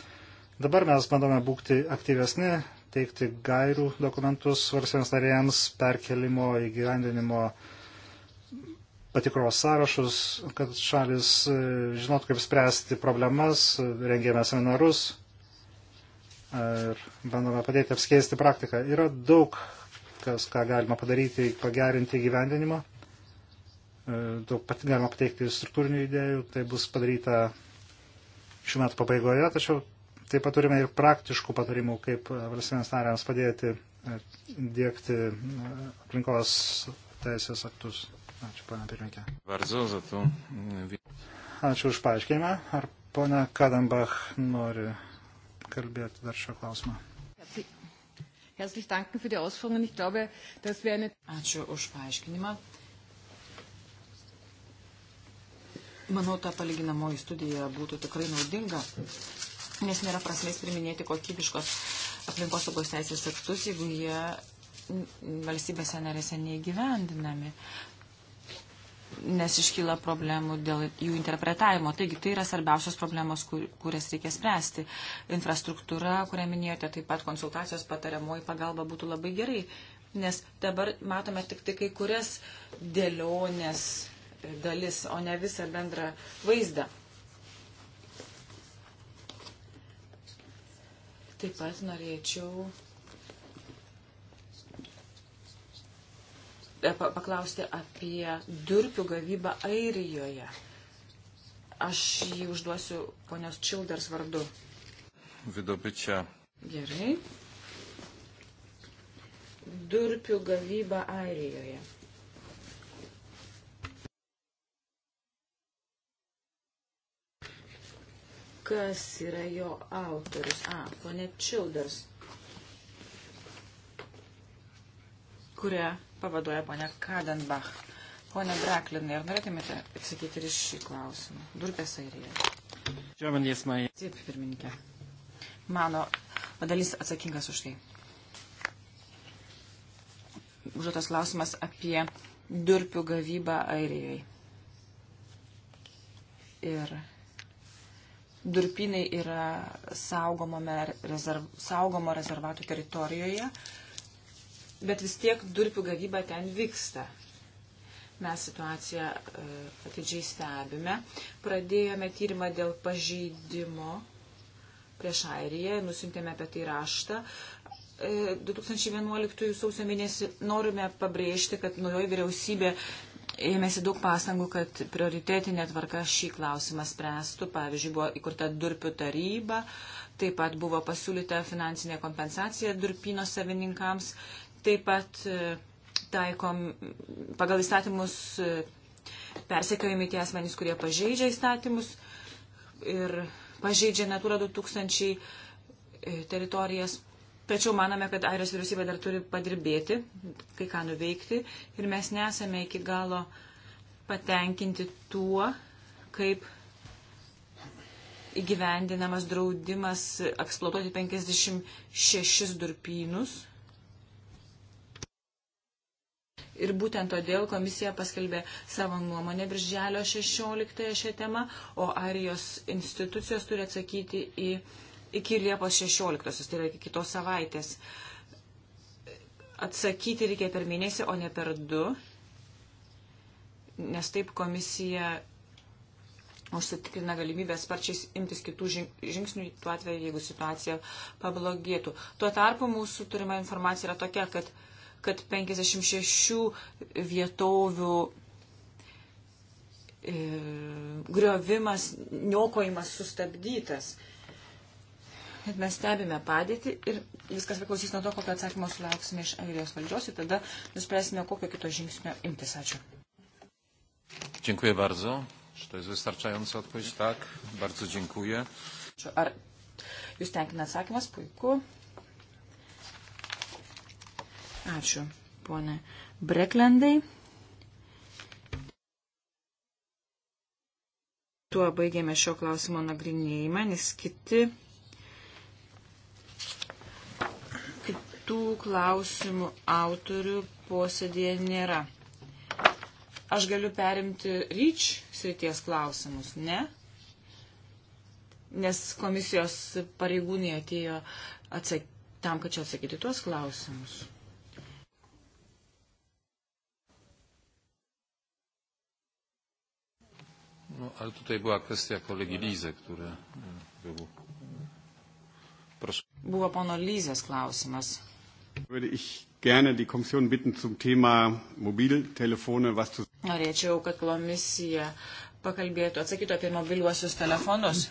Dabar mes bandome būti aktyvesni, teikti gairių dokumentus svarsiams narėjams perkelimo įgyvendinimo patikros sąrašus, kad šalis e, žinotų, kaip spręsti problemas, rengėme seminarus ir bandome padėti apskeisti praktiką. Yra daug, kas, ką galima padaryti, pagerinti gyvendinimą. E, daug pat, galima pateikti struktūrinių idėjų, tai bus padaryta šių metų pabaigoje, tačiau taip pat turime ir praktiškų patarimų, kaip valstybės nariams padėti e, dėkti aplinkos teisės aktus. Ačiū, pana pirmininkė. Varzu, za to. Mm, Ačiū už paaiškinimą. Ar pana Kadambach nori kalbėti dar šio klausimą? Ačiū už paaiškinimą. Manau, ta palyginamoji studija būtų tikrai naudinga, nes nėra prasmės priminėti kokybiškos aplinkosaugos teisės aktus, jeigu jie valstybėse narėse neįgyvendinami nes iškyla problemų dėl jų interpretavimo. Taigi tai yra svarbiausios problemos, kur, kurias reikia spręsti. Infrastruktūra, kurią minėjote, taip pat konsultacijos patariamoji pagalba būtų labai gerai, nes dabar matome tik tai kai kurias dėlionės dalis, o ne visą bendrą vaizdą. Taip pat norėčiau E, paklausti apie durpių gavybą Airijoje. Aš jį užduosiu ponios Čilders vardu. Vidobičia. Gerai. Durpių gavyba Airijoje. Kas yra jo autorius? A, ponė Čilders. Kuria pavaduoja ponia Kadenbach. Pone Breklinai, ar norėtumėte atsakyti ir šį klausimą? Durpės airija. Džiovanės Maija. Taip, pirmininkė. Mano vadalys atsakingas už tai. Užduotas klausimas apie durpių gavybą airijoje. Ir durpinai yra saugomame rezerv, saugomo rezervato teritorijoje bet vis tiek durpių gavyba ten vyksta. Mes situaciją e, atidžiai stebime. Pradėjome tyrimą dėl pažeidimo prieš Airiją, nusintėme apie tai raštą. 2011 e, sausio mėnesį norime pabrėžti, kad naujoji vyriausybė ėmėsi daug pastangų, kad prioritetinė tvarka šį klausimą spręstų. Pavyzdžiui, buvo įkurta durpių taryba, taip pat buvo pasiūlyta finansinė kompensacija durpino savininkams Taip pat e, taikom pagal įstatymus e, persekiojami tie asmenys, kurie pažeidžia įstatymus ir pažeidžia Natura 2000 e, teritorijas. Tačiau manome, kad Airijos vyriausybė dar turi padirbėti, kai ką nuveikti ir mes nesame iki galo patenkinti tuo, kaip įgyvendinamas draudimas eksploatuoti 56 durpynus Ir būtent todėl komisija paskelbė savo nuomonę birželio 16 šią temą, o Arijos institucijos turi atsakyti į, iki Liepos 16, tai yra iki kitos savaitės. Atsakyti reikia per mėnesį, o ne per du, nes taip komisija užsitikrina galimybę sparčiai imtis kitų žingsnių tuo atveju, jeigu situacija pablogėtų. Tuo tarpu mūsų turima informacija yra tokia, kad kad 56 vietovių e, griovimas, niokojimas sustabdytas. Bet mes stebime padėtį ir viskas priklausys nuo to, kokio atsakymo sulauksime iš Anglijos valdžios ir tada nuspręsime, kokio kito žingsnio imtis. Ačiū. Dziękuję bardzo. Czy to jest wystarczająca odpowiedź? Tak. Bardzo dziękuję. Ar jūs tenkina atsakymas? Puiku. Ačiū, ponė Breklendai. Tuo baigėme šio klausimo nagrinėjimą, nes kiti kitų klausimų autorių posėdėje nėra. Aš galiu perimti ryč srities klausimus, ne? Nes komisijos pareigūnai atėjo atsak... tam, kad čia atsakytų tuos klausimus. No, ale tutaj była kwestia kolegi Lizy, który e, był. Proszę. Buvo pono Lyzės klausimas. Würde ich gerne die Kommission bitten zum Thema Mobiltelefone, was zu. Norėčiau, kad komisija pakalbėtų, atsakytų apie mobiliuosius telefonus.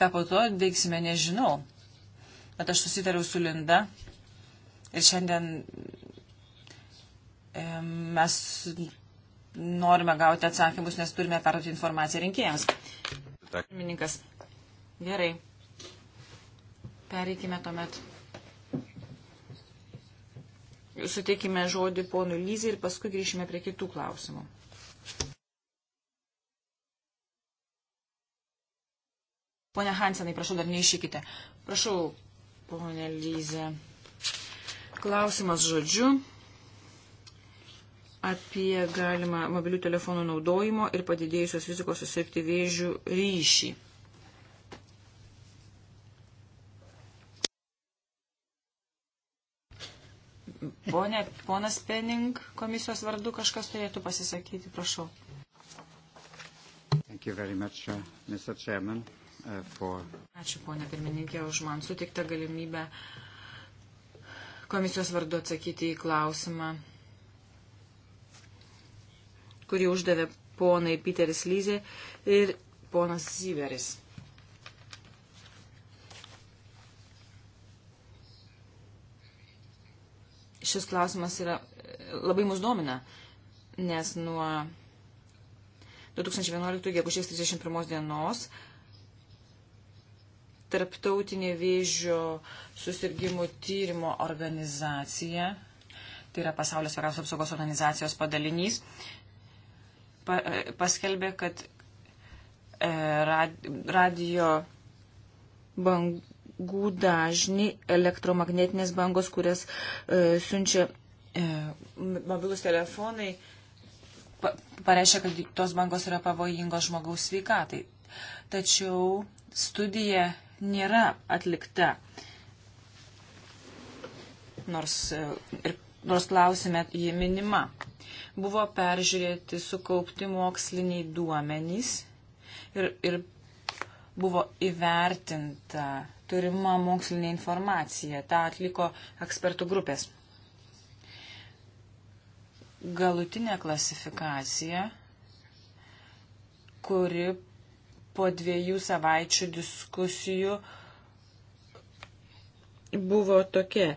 Ką po to veiksime, nežinau. Bet aš susitariau su Linda ir šiandien e, mes norime gauti atsakymus, nes turime perduoti informaciją rinkėjams. Pirmininkas. Gerai. Pereikime tuomet. Suteikime žodį ponui Lyzai ir paskui grįšime prie kitų klausimų. Pone Hansenai, prašau, dar neišykite. Prašau, ponė Lyze. Klausimas žodžiu apie galimą mobilių telefonų naudojimo ir padidėjusios rizikos susirgti vėžių ryšį. Pone, ponas Penning, komisijos vardu kažkas turėtų pasisakyti, prašau. Much, uh, Chairman, uh, for... Ačiū, ponė pirmininkė, už man sutiktą galimybę komisijos vardu atsakyti į klausimą kurį uždavė ponai Piteris Lyzė ir ponas Zyveris. Šis klausimas yra labai mus domina, nes nuo 2011 gegužės 31 dienos Tarptautinė vėžio susirgymų tyrimo organizacija, tai yra pasaulio sveikatos apsaugos organizacijos padalinys, paskelbė, kad e, radio bangų dažnį elektromagnetinės bangos, kurias e, siunčia e, mobilus telefonai, pareiškia, kad tos bangos yra pavojingos žmogaus sveikatai. Tačiau studija nėra atlikta. Nors ir nors klausime jį minima. Buvo peržiūrėti sukaupti moksliniai duomenys ir, ir buvo įvertinta turima mokslinė informacija. Ta atliko ekspertų grupės. Galutinė klasifikacija, kuri po dviejų savaičių diskusijų buvo tokia.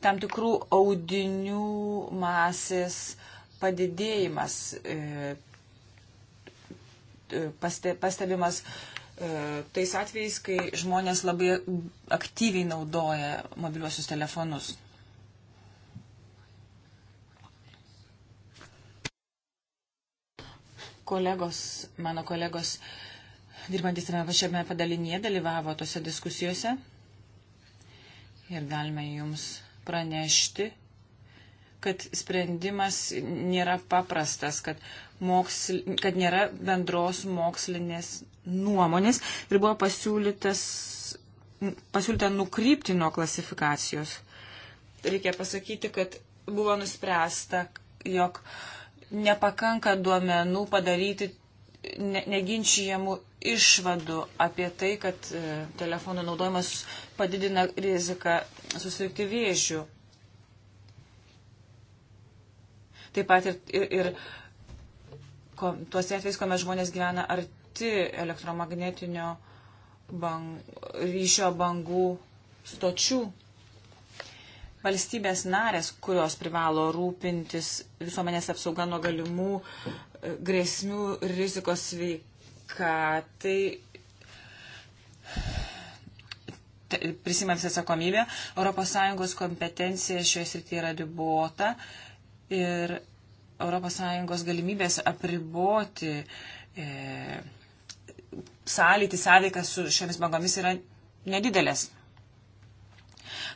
tam tikrų audinių masės padidėjimas e, e, pastebimas e, tais atvejais, kai žmonės labai aktyviai naudoja mobiliuosius telefonus. Kolegos, mano kolegos, dirbantys tame pačiame padalinėje, dalyvavo tose diskusijose ir galime jums pranešti, kad sprendimas nėra paprastas, kad, moksl, kad nėra bendros mokslinės nuomonės ir buvo pasiūlytas, pasiūlyta nukrypti nuo klasifikacijos. Reikia pasakyti, kad buvo nuspręsta, jog nepakanka duomenų padaryti neginčiamų išvadų apie tai, kad e, telefonų naudojimas padidina riziką susirgti vėžių. Taip pat ir, ir, ir ko, tuos atvejus, kuomet žmonės gyvena arti elektromagnetinio bang, ryšio bangų stočių valstybės narės, kurios privalo rūpintis visuomenės apsauga nuo galimų e, grėsmių rizikos sveikatai prisimams atsakomybę, ES kompetencija šioje srityje yra ribota ir ES galimybės apriboti e, sąlytį sąveiką su šiomis bangomis yra nedidelės.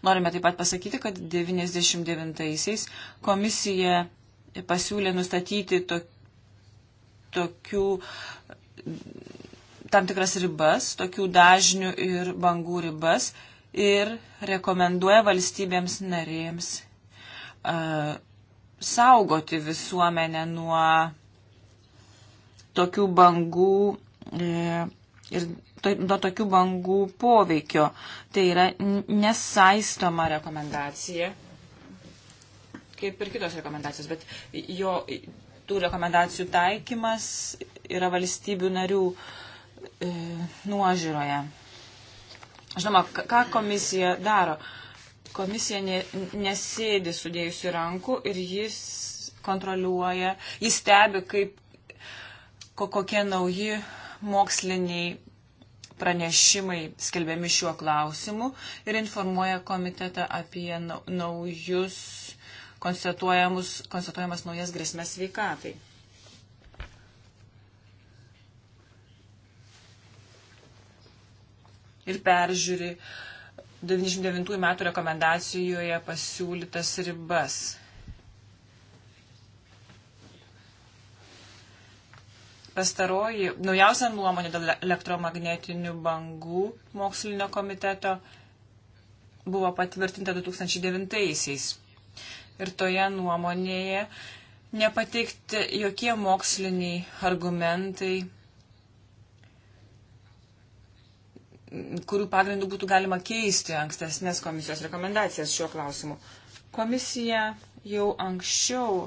Norime taip pat pasakyti, kad 99-aisiais komisija pasiūlė nustatyti to, tokių tam tikras ribas, tokių dažnių ir bangų ribas ir rekomenduoja valstybėms narėms uh, saugoti visuomenę nuo tokių bangų uh, ir nuo tokių bangų poveikio. Tai yra nesaistoma rekomendacija, kaip ir kitos rekomendacijos, bet jo, tų rekomendacijų taikymas yra valstybių narių e, nuožiūroje. Žinoma, ką komisija daro? Komisija ne, nesėdi sudėjusi rankų ir jis kontroliuoja, jis stebi, kaip kokie nauji moksliniai pranešimai skelbiami šiuo klausimu ir informuoja komitetą apie naujus konstatuojamas naujas grėsmės sveikatai. Ir peržiūri 99 metų rekomendacijoje pasiūlytas ribas. pastaroji naujausia nuomonė dėl elektromagnetinių bangų mokslinio komiteto buvo patvirtinta 2009-aisiais. Ir toje nuomonėje nepateikti jokie moksliniai argumentai, kurių pagrindų būtų galima keisti ankstesnės komisijos rekomendacijas šiuo klausimu. Komisija jau anksčiau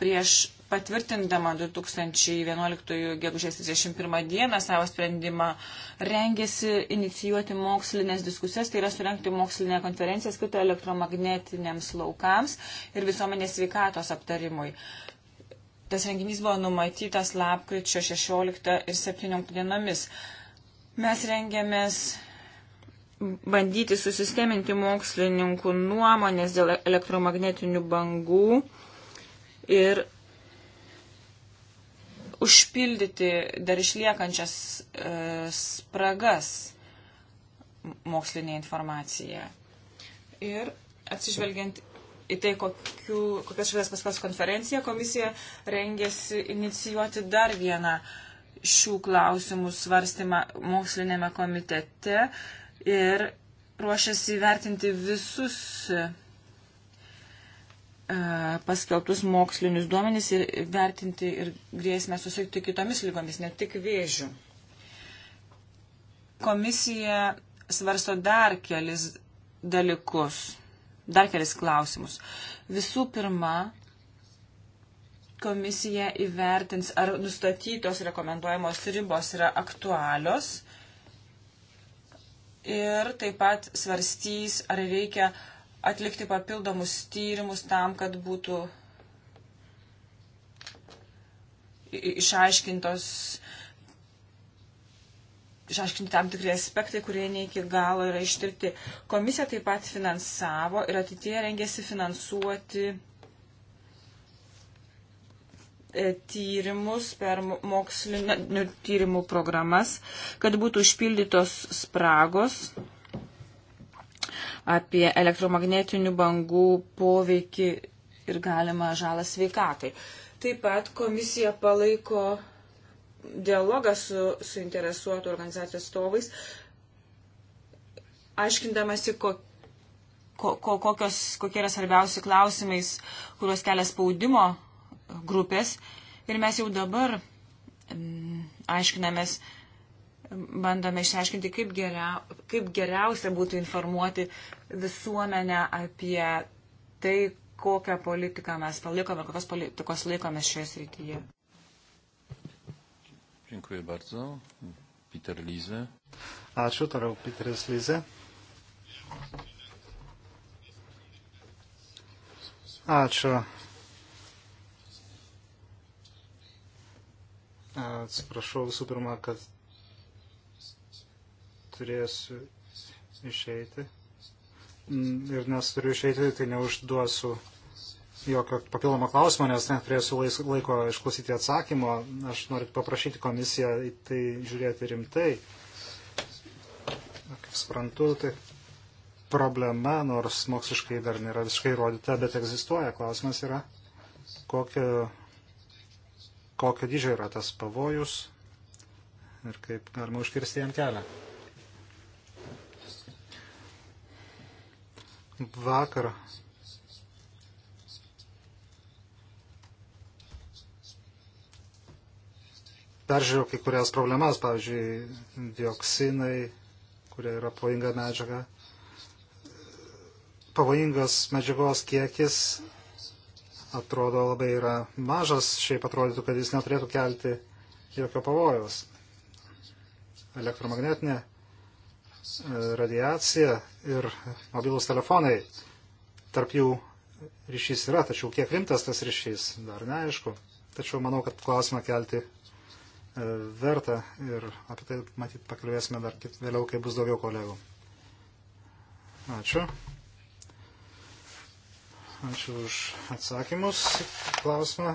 prieš patvirtindama 2011 gegužės 31 dieną savo sprendimą, rengėsi inicijuoti mokslinės diskusijas, tai yra surenkti mokslinę konferenciją skirtą elektromagnetiniams laukams ir visuomenės sveikatos aptarimui. Tas renginys buvo numatytas lapkričio 16 ir 17 dienomis. Mes rengėmės bandyti susisteminti mokslininkų nuomonės dėl e-, elektromagnetinių bangų ir užpildyti dar išliekančias e, spragas mokslinė informacija. Ir atsižvelgiant į tai, kokiu, kokias šalies paskos konferencija, komisija rengėsi inicijuoti dar vieną šių klausimų svarstymą mokslinėme komitete ir ruošiasi įvertinti visus E, paskelbtus mokslinius duomenys ir vertinti ir grėsmę susirgti kitomis lygomis, ne tik vėžių. Komisija svarsto dar kelis dalykus, dar kelis klausimus. Visų pirma, komisija įvertins, ar nustatytos rekomenduojamos ribos yra aktualios ir taip pat svarstys, ar reikia uh, atlikti papildomus tyrimus tam, kad būtų išaiškintos išaiškinti tam tikri aspektai, kurie ne iki galo yra ištirti. Komisija taip pat finansavo ir ateitie rengėsi finansuoti e, tyrimus per mokslinio tyrimų programas, kad būtų užpildytos spragos apie elektromagnetinių bangų poveikį ir galimą žalą sveikatai. Taip pat komisija palaiko dialogą su suinteresuotų organizacijų atstovais, aiškindamasi, kokie ko, kokios, kokie yra svarbiausi klausimais, kuriuos kelia spaudimo grupės. Ir mes jau dabar mm, aiškinamės, bandome išaiškinti, kaip, geria, kaip geriausia būtų informuoti visuomenę apie tai, kokią politiką mes palaikome, kokios politikos laikomės šioje srityje. Dziękuję bardzo. Peter Lize. Ačiū, toliau Peteris Lize. Ačiū. Atsiprašau visų pirma, kad turėsiu išeiti. Mm, ir nes turiu išeiti, tai neužduosiu jokio papildomo klausimo, nes neturėsiu laiko išklausyti atsakymo. Aš noriu paprašyti komisiją į tai žiūrėti rimtai. Kaip suprantu, tai problema, nors moksliškai dar nėra visiškai įrodyta, bet egzistuoja. Klausimas yra, kokio, kokio dydžio yra tas pavojus ir kaip galima užkirsti jam kelią. vakar peržiūrėjau kai kurias problemas, pavyzdžiui, dioksinai, kurie yra pavojinga medžiaga, pavojingas medžiagos kiekis atrodo labai yra mažas, šiaip atrodytų, kad jis neturėtų kelti jokio pavojaus. Elektromagnetinė radiacija ir mobilus telefonai. Tarp jų ryšys yra, tačiau kiek rimtas tas ryšys, dar neaišku. Tačiau manau, kad klausimą kelti e, verta ir apie tai matyt pakalbėsime dar kit, vėliau, kai bus daugiau kolegų. Ačiū. Ačiū už atsakymus į klausimą.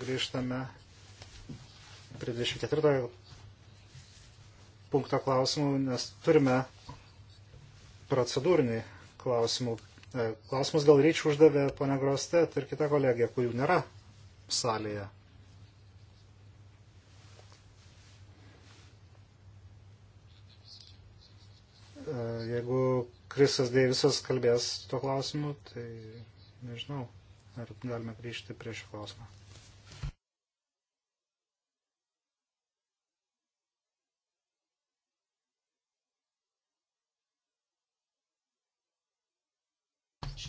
Grįžtame prie 24 punkto klausimų, nes turime procedūrinį klausimų. E, klausimus gal ryčių uždavė ponia Grostet ir kita kolegija, kurių nėra salėje. E, jeigu Krisas Deivisas kalbės tuo klausimu, tai nežinau, ar galime grįžti prie šio klausimo.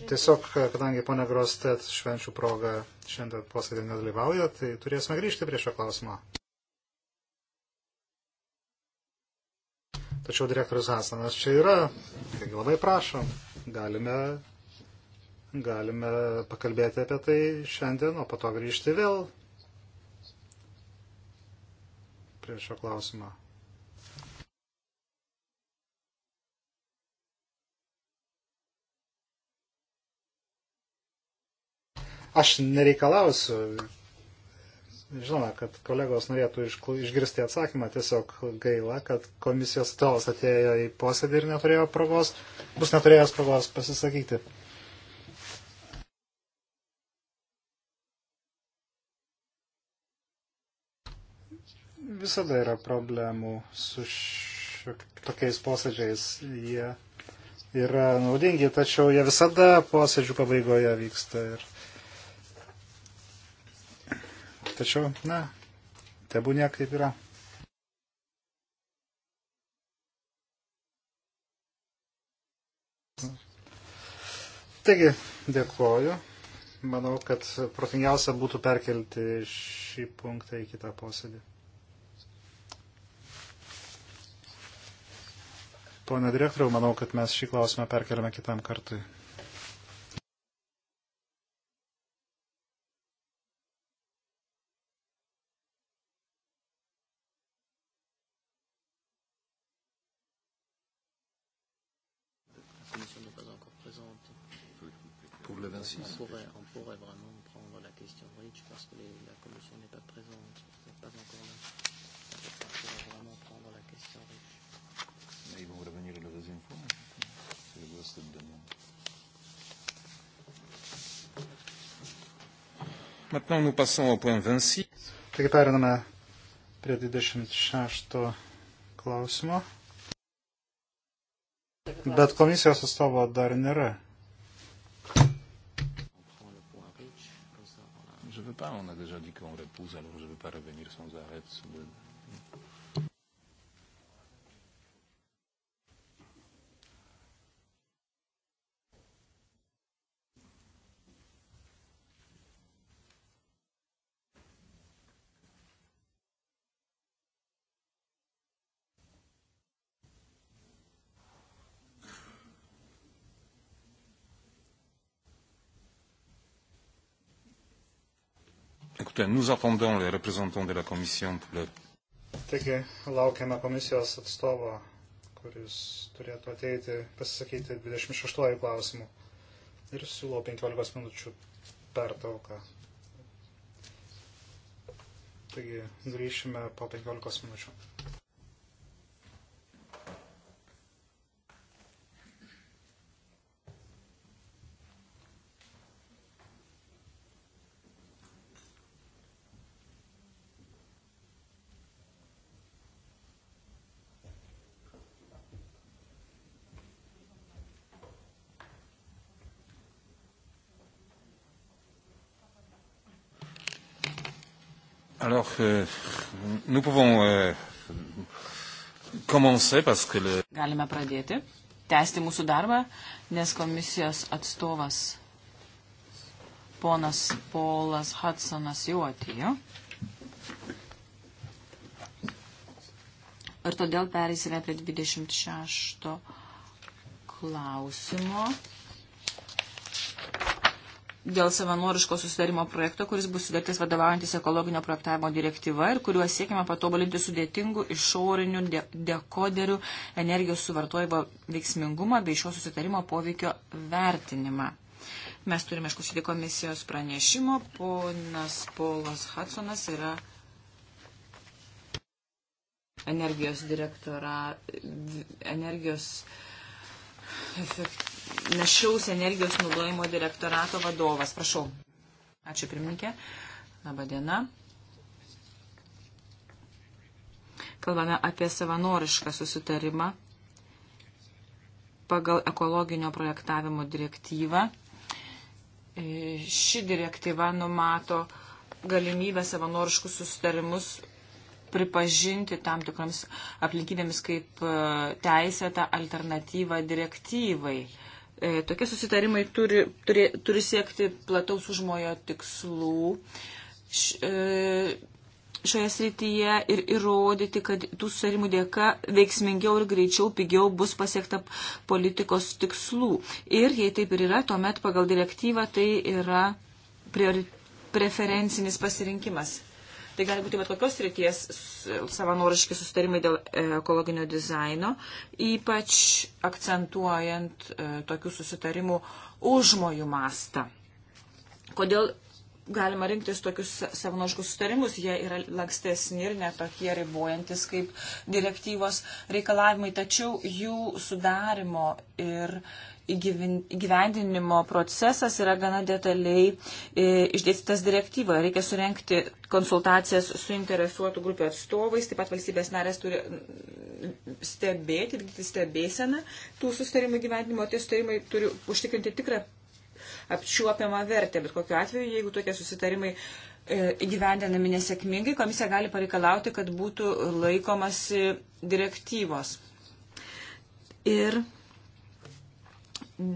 Tiesiog, kadangi ponia Grostet švenčių proga šiandien posėdė nedalyvauja, tai turėsime grįžti prie šio klausimo. Tačiau direktorius Hasanas čia yra, taigi labai prašom, galime, galime pakalbėti apie tai šiandien, o po to grįžti vėl prie šio klausimo. Aš nereikalausiu. Žinoma, kad kolegos norėtų išgirsti atsakymą, tiesiog gaila, kad komisijos atstovas atėjo į posėdį ir neturėjo progos, bus neturėjęs progos pasisakyti. visada yra problemų su šiek, tokiais posėdžiais. Jie yra naudingi, tačiau jie visada posėdžių pabaigoje vyksta ir Tačiau, na, tebūnė kaip yra. Taigi, dėkoju. Manau, kad protingiausia būtų perkelti šį punktą į kitą posėdį. Pone direktoriau, manau, kad mes šį klausimą perkeliame kitam kartui. aussi. On pourrait, on pourrait vraiment prendre la question Rich parce que les, la commission n'est pas présente, n'est pas encore là. On pourrait vraiment prendre la question Rich. Mais ils vont revenir la deuxième fois. C'est le boss de demande. Maintenant, nous passons au point 26. Taigi periname prie 26 klausimo. Bet komisijos atstovo dar nėra. qu'on repousse, alors je ne veux pas revenir sans arrêt sur le, Écoutez, nous attendons les représentants de la Commission pour le. Taigi, laukiame komisijos atstovo, kuris turėtų ateiti pasisakyti 26 klausimų. Ir siūlau 15 minučių pertrauką. Taigi, grįšime po 15 minučių. Alors, euh, nous pouvons euh, commencer parce que le... Galime pradėti, tęsti mūsų darbą, nes komisijos atstovas ponas Polas Hudsonas jau atėjo. Ir todėl perėsime prie 26 klausimo dėl savanoriško susidarimo projekto, kuris bus sudėtis vadovaujantis ekologinio projektavimo direktyva ir kuriuo siekiama patobulinti sudėtingų išorinių de dekoderių energijos suvartojimo veiksmingumą bei šio susitarimo poveikio vertinimą. Mes turime išklausyti komisijos pranešimo. Ponas Polas Hudsonas yra energijos direktora, energijos efektyvumo našiaus energijos naudojimo direktorato vadovas. Prašau. Ačiū pirmininkė. Labadiena. Kalbame apie savanorišką susitarimą pagal ekologinio projektavimo direktyvą. Ši direktyva numato galimybę savanoriškus susitarimus pripažinti tam tikroms aplinkybėmis kaip e, teisėtą alternatyvą direktyvai. Uh, E, tokie susitarimai turi, turi, turi siekti plataus užmojo tikslų š, e, šioje srityje ir įrodyti, kad tų susitarimų dėka veiksmingiau ir greičiau, pigiau bus pasiekta politikos tikslų. Ir jei taip ir yra, tuomet pagal direktyvą tai yra priori, preferencinis pasirinkimas. Tai gali būti bet kokios ryties savanoriški sustarimai dėl ekologinio dizaino, ypač akcentuojant e, tokių susitarimų užmojų mastą. Kodėl galima rinktis tokius savanoriškus sustarimus, jie yra lankstesni ir netokie ribojantis kaip direktyvos reikalavimai, tačiau jų sudarimo ir įgyvendinimo procesas yra gana detaliai e, išdėstytas direktyvoje. Reikia surenkti konsultacijas su interesuotų grupių atstovais, taip pat valstybės narės turi mm, stebėti, vykdyti stebėseną tų sustarimų įgyvendinimo, tie sustarimai turi užtikrinti tikrą apčiuopiamą vertę, bet kokiu atveju, jeigu tokie susitarimai e, įgyvendinami nesėkmingai, komisija gali pareikalauti, kad būtų laikomasi direktyvos. Ir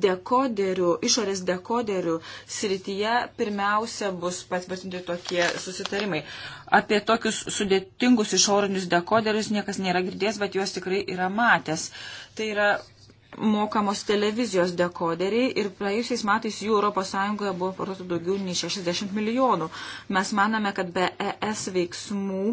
dekoderių, išorės dekoderių srityje pirmiausia bus patvirtinti tokie susitarimai. Apie tokius sudėtingus išorinius dekoderius niekas nėra girdėjęs, bet juos tikrai yra matęs. Tai yra mokamos televizijos dekoderiai ir praėjusiais metais jų ES buvo parduota daugiau nei 60 milijonų. Mes manome, kad be ES veiksmų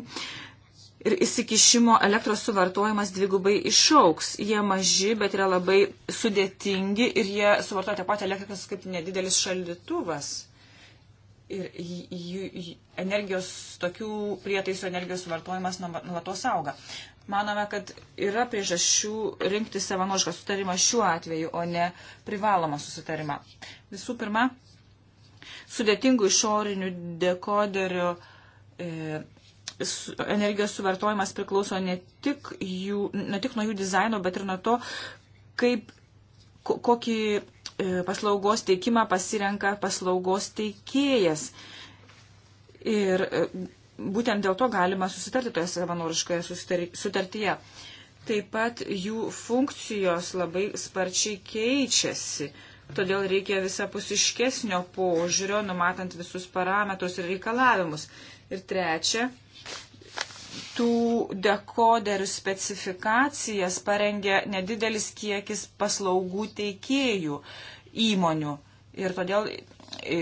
ir įsikišimo elektros suvartojimas dvigubai išauks. Jie maži, bet yra labai sudėtingi ir jie suvartoja tą patį elektros kaip nedidelis šaldytuvas. Ir energijos, tokių prietaisų energijos vartojimas nuolatos auga. Manome, kad yra priežasčių rinkti savanorišką sutarimą šiuo atveju, o ne privalomą susitarimą. Visų pirma, sudėtingų išorinių dekoderių e, energijos suvartojimas priklauso ne tik, jų, ne tik nuo jų dizaino, bet ir nuo to, kaip, kokį e, paslaugos teikimą pasirenka paslaugos teikėjas. Ir e, būtent dėl to galima susitarti toje savanoriškoje sutartyje. Taip pat jų funkcijos labai sparčiai keičiasi. Todėl reikia visapusiškesnio požiūrio, numatant visus parametrus ir reikalavimus. Ir trečia, tų dekoderių specifikacijas parengė nedidelis kiekis paslaugų teikėjų įmonių. Ir todėl e,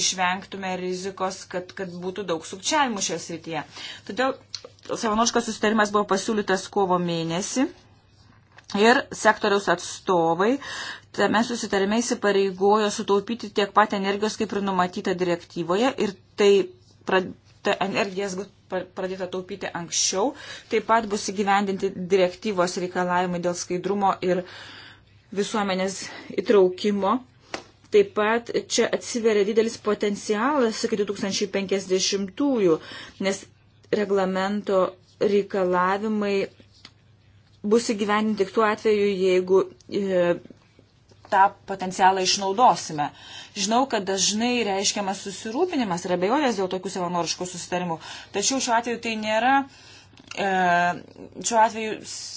išvengtume rizikos, kad, kad būtų daug sukčiavimų šioje srityje. Todėl savanoriškas susitarimas buvo pasiūlytas kovo mėnesį. Ir sektoriaus atstovai tame susitarime įsipareigojo sutaupyti tiek pat energijos, kaip ir numatyta direktyvoje, ir tai pra, ta energijas pradėta taupyti anksčiau. Taip pat bus įgyvendinti direktyvos reikalavimai dėl skaidrumo ir visuomenės įtraukimo. Taip pat čia atsiveria didelis potencialas iki 2050-ųjų, nes reglamento reikalavimai bus įgyvendinti tik tuo atveju, jeigu e, tą potencialą išnaudosime. Žinau, kad dažnai reiškiamas susirūpinimas ir abejonės dėl tokių savanoriškų susitarimų, tačiau šiuo atveju tai nėra. E, šiuo atveju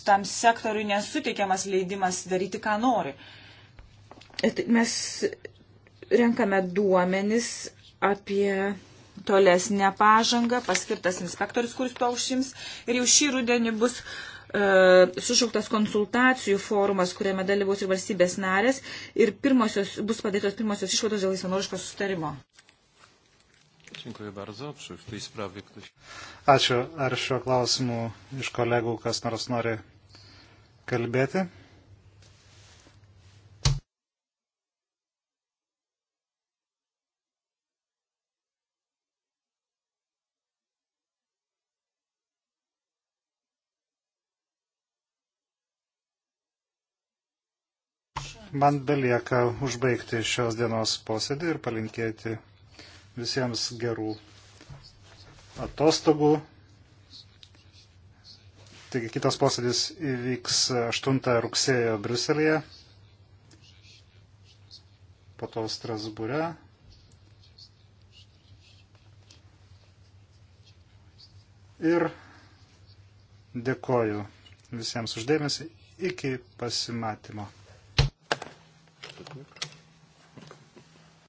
tam sektoriui nesuteikiamas leidimas daryti, ką nori. E, tai mes renkame duomenis apie tolesnę pažangą, paskirtas inspektorius, kuris to užsims ir jau šį rudenį bus uh, E, sušauktas konsultacijų forumas, kuriame dalyvaus ir valstybės narės ir pirmosios, bus padarytos pirmosios išvados dėl laisvanoriško sustarimo. Ačiū. Ar šiuo klausimu iš kolegų kas nors nori kalbėti? man belieka užbaigti šios dienos posėdį ir palinkėti visiems gerų atostogų. Taigi kitas posėdis įvyks 8 rugsėjo Bruselėje, po to Strasbūre. Ir dėkoju visiems uždėmesi. Iki pasimatymo.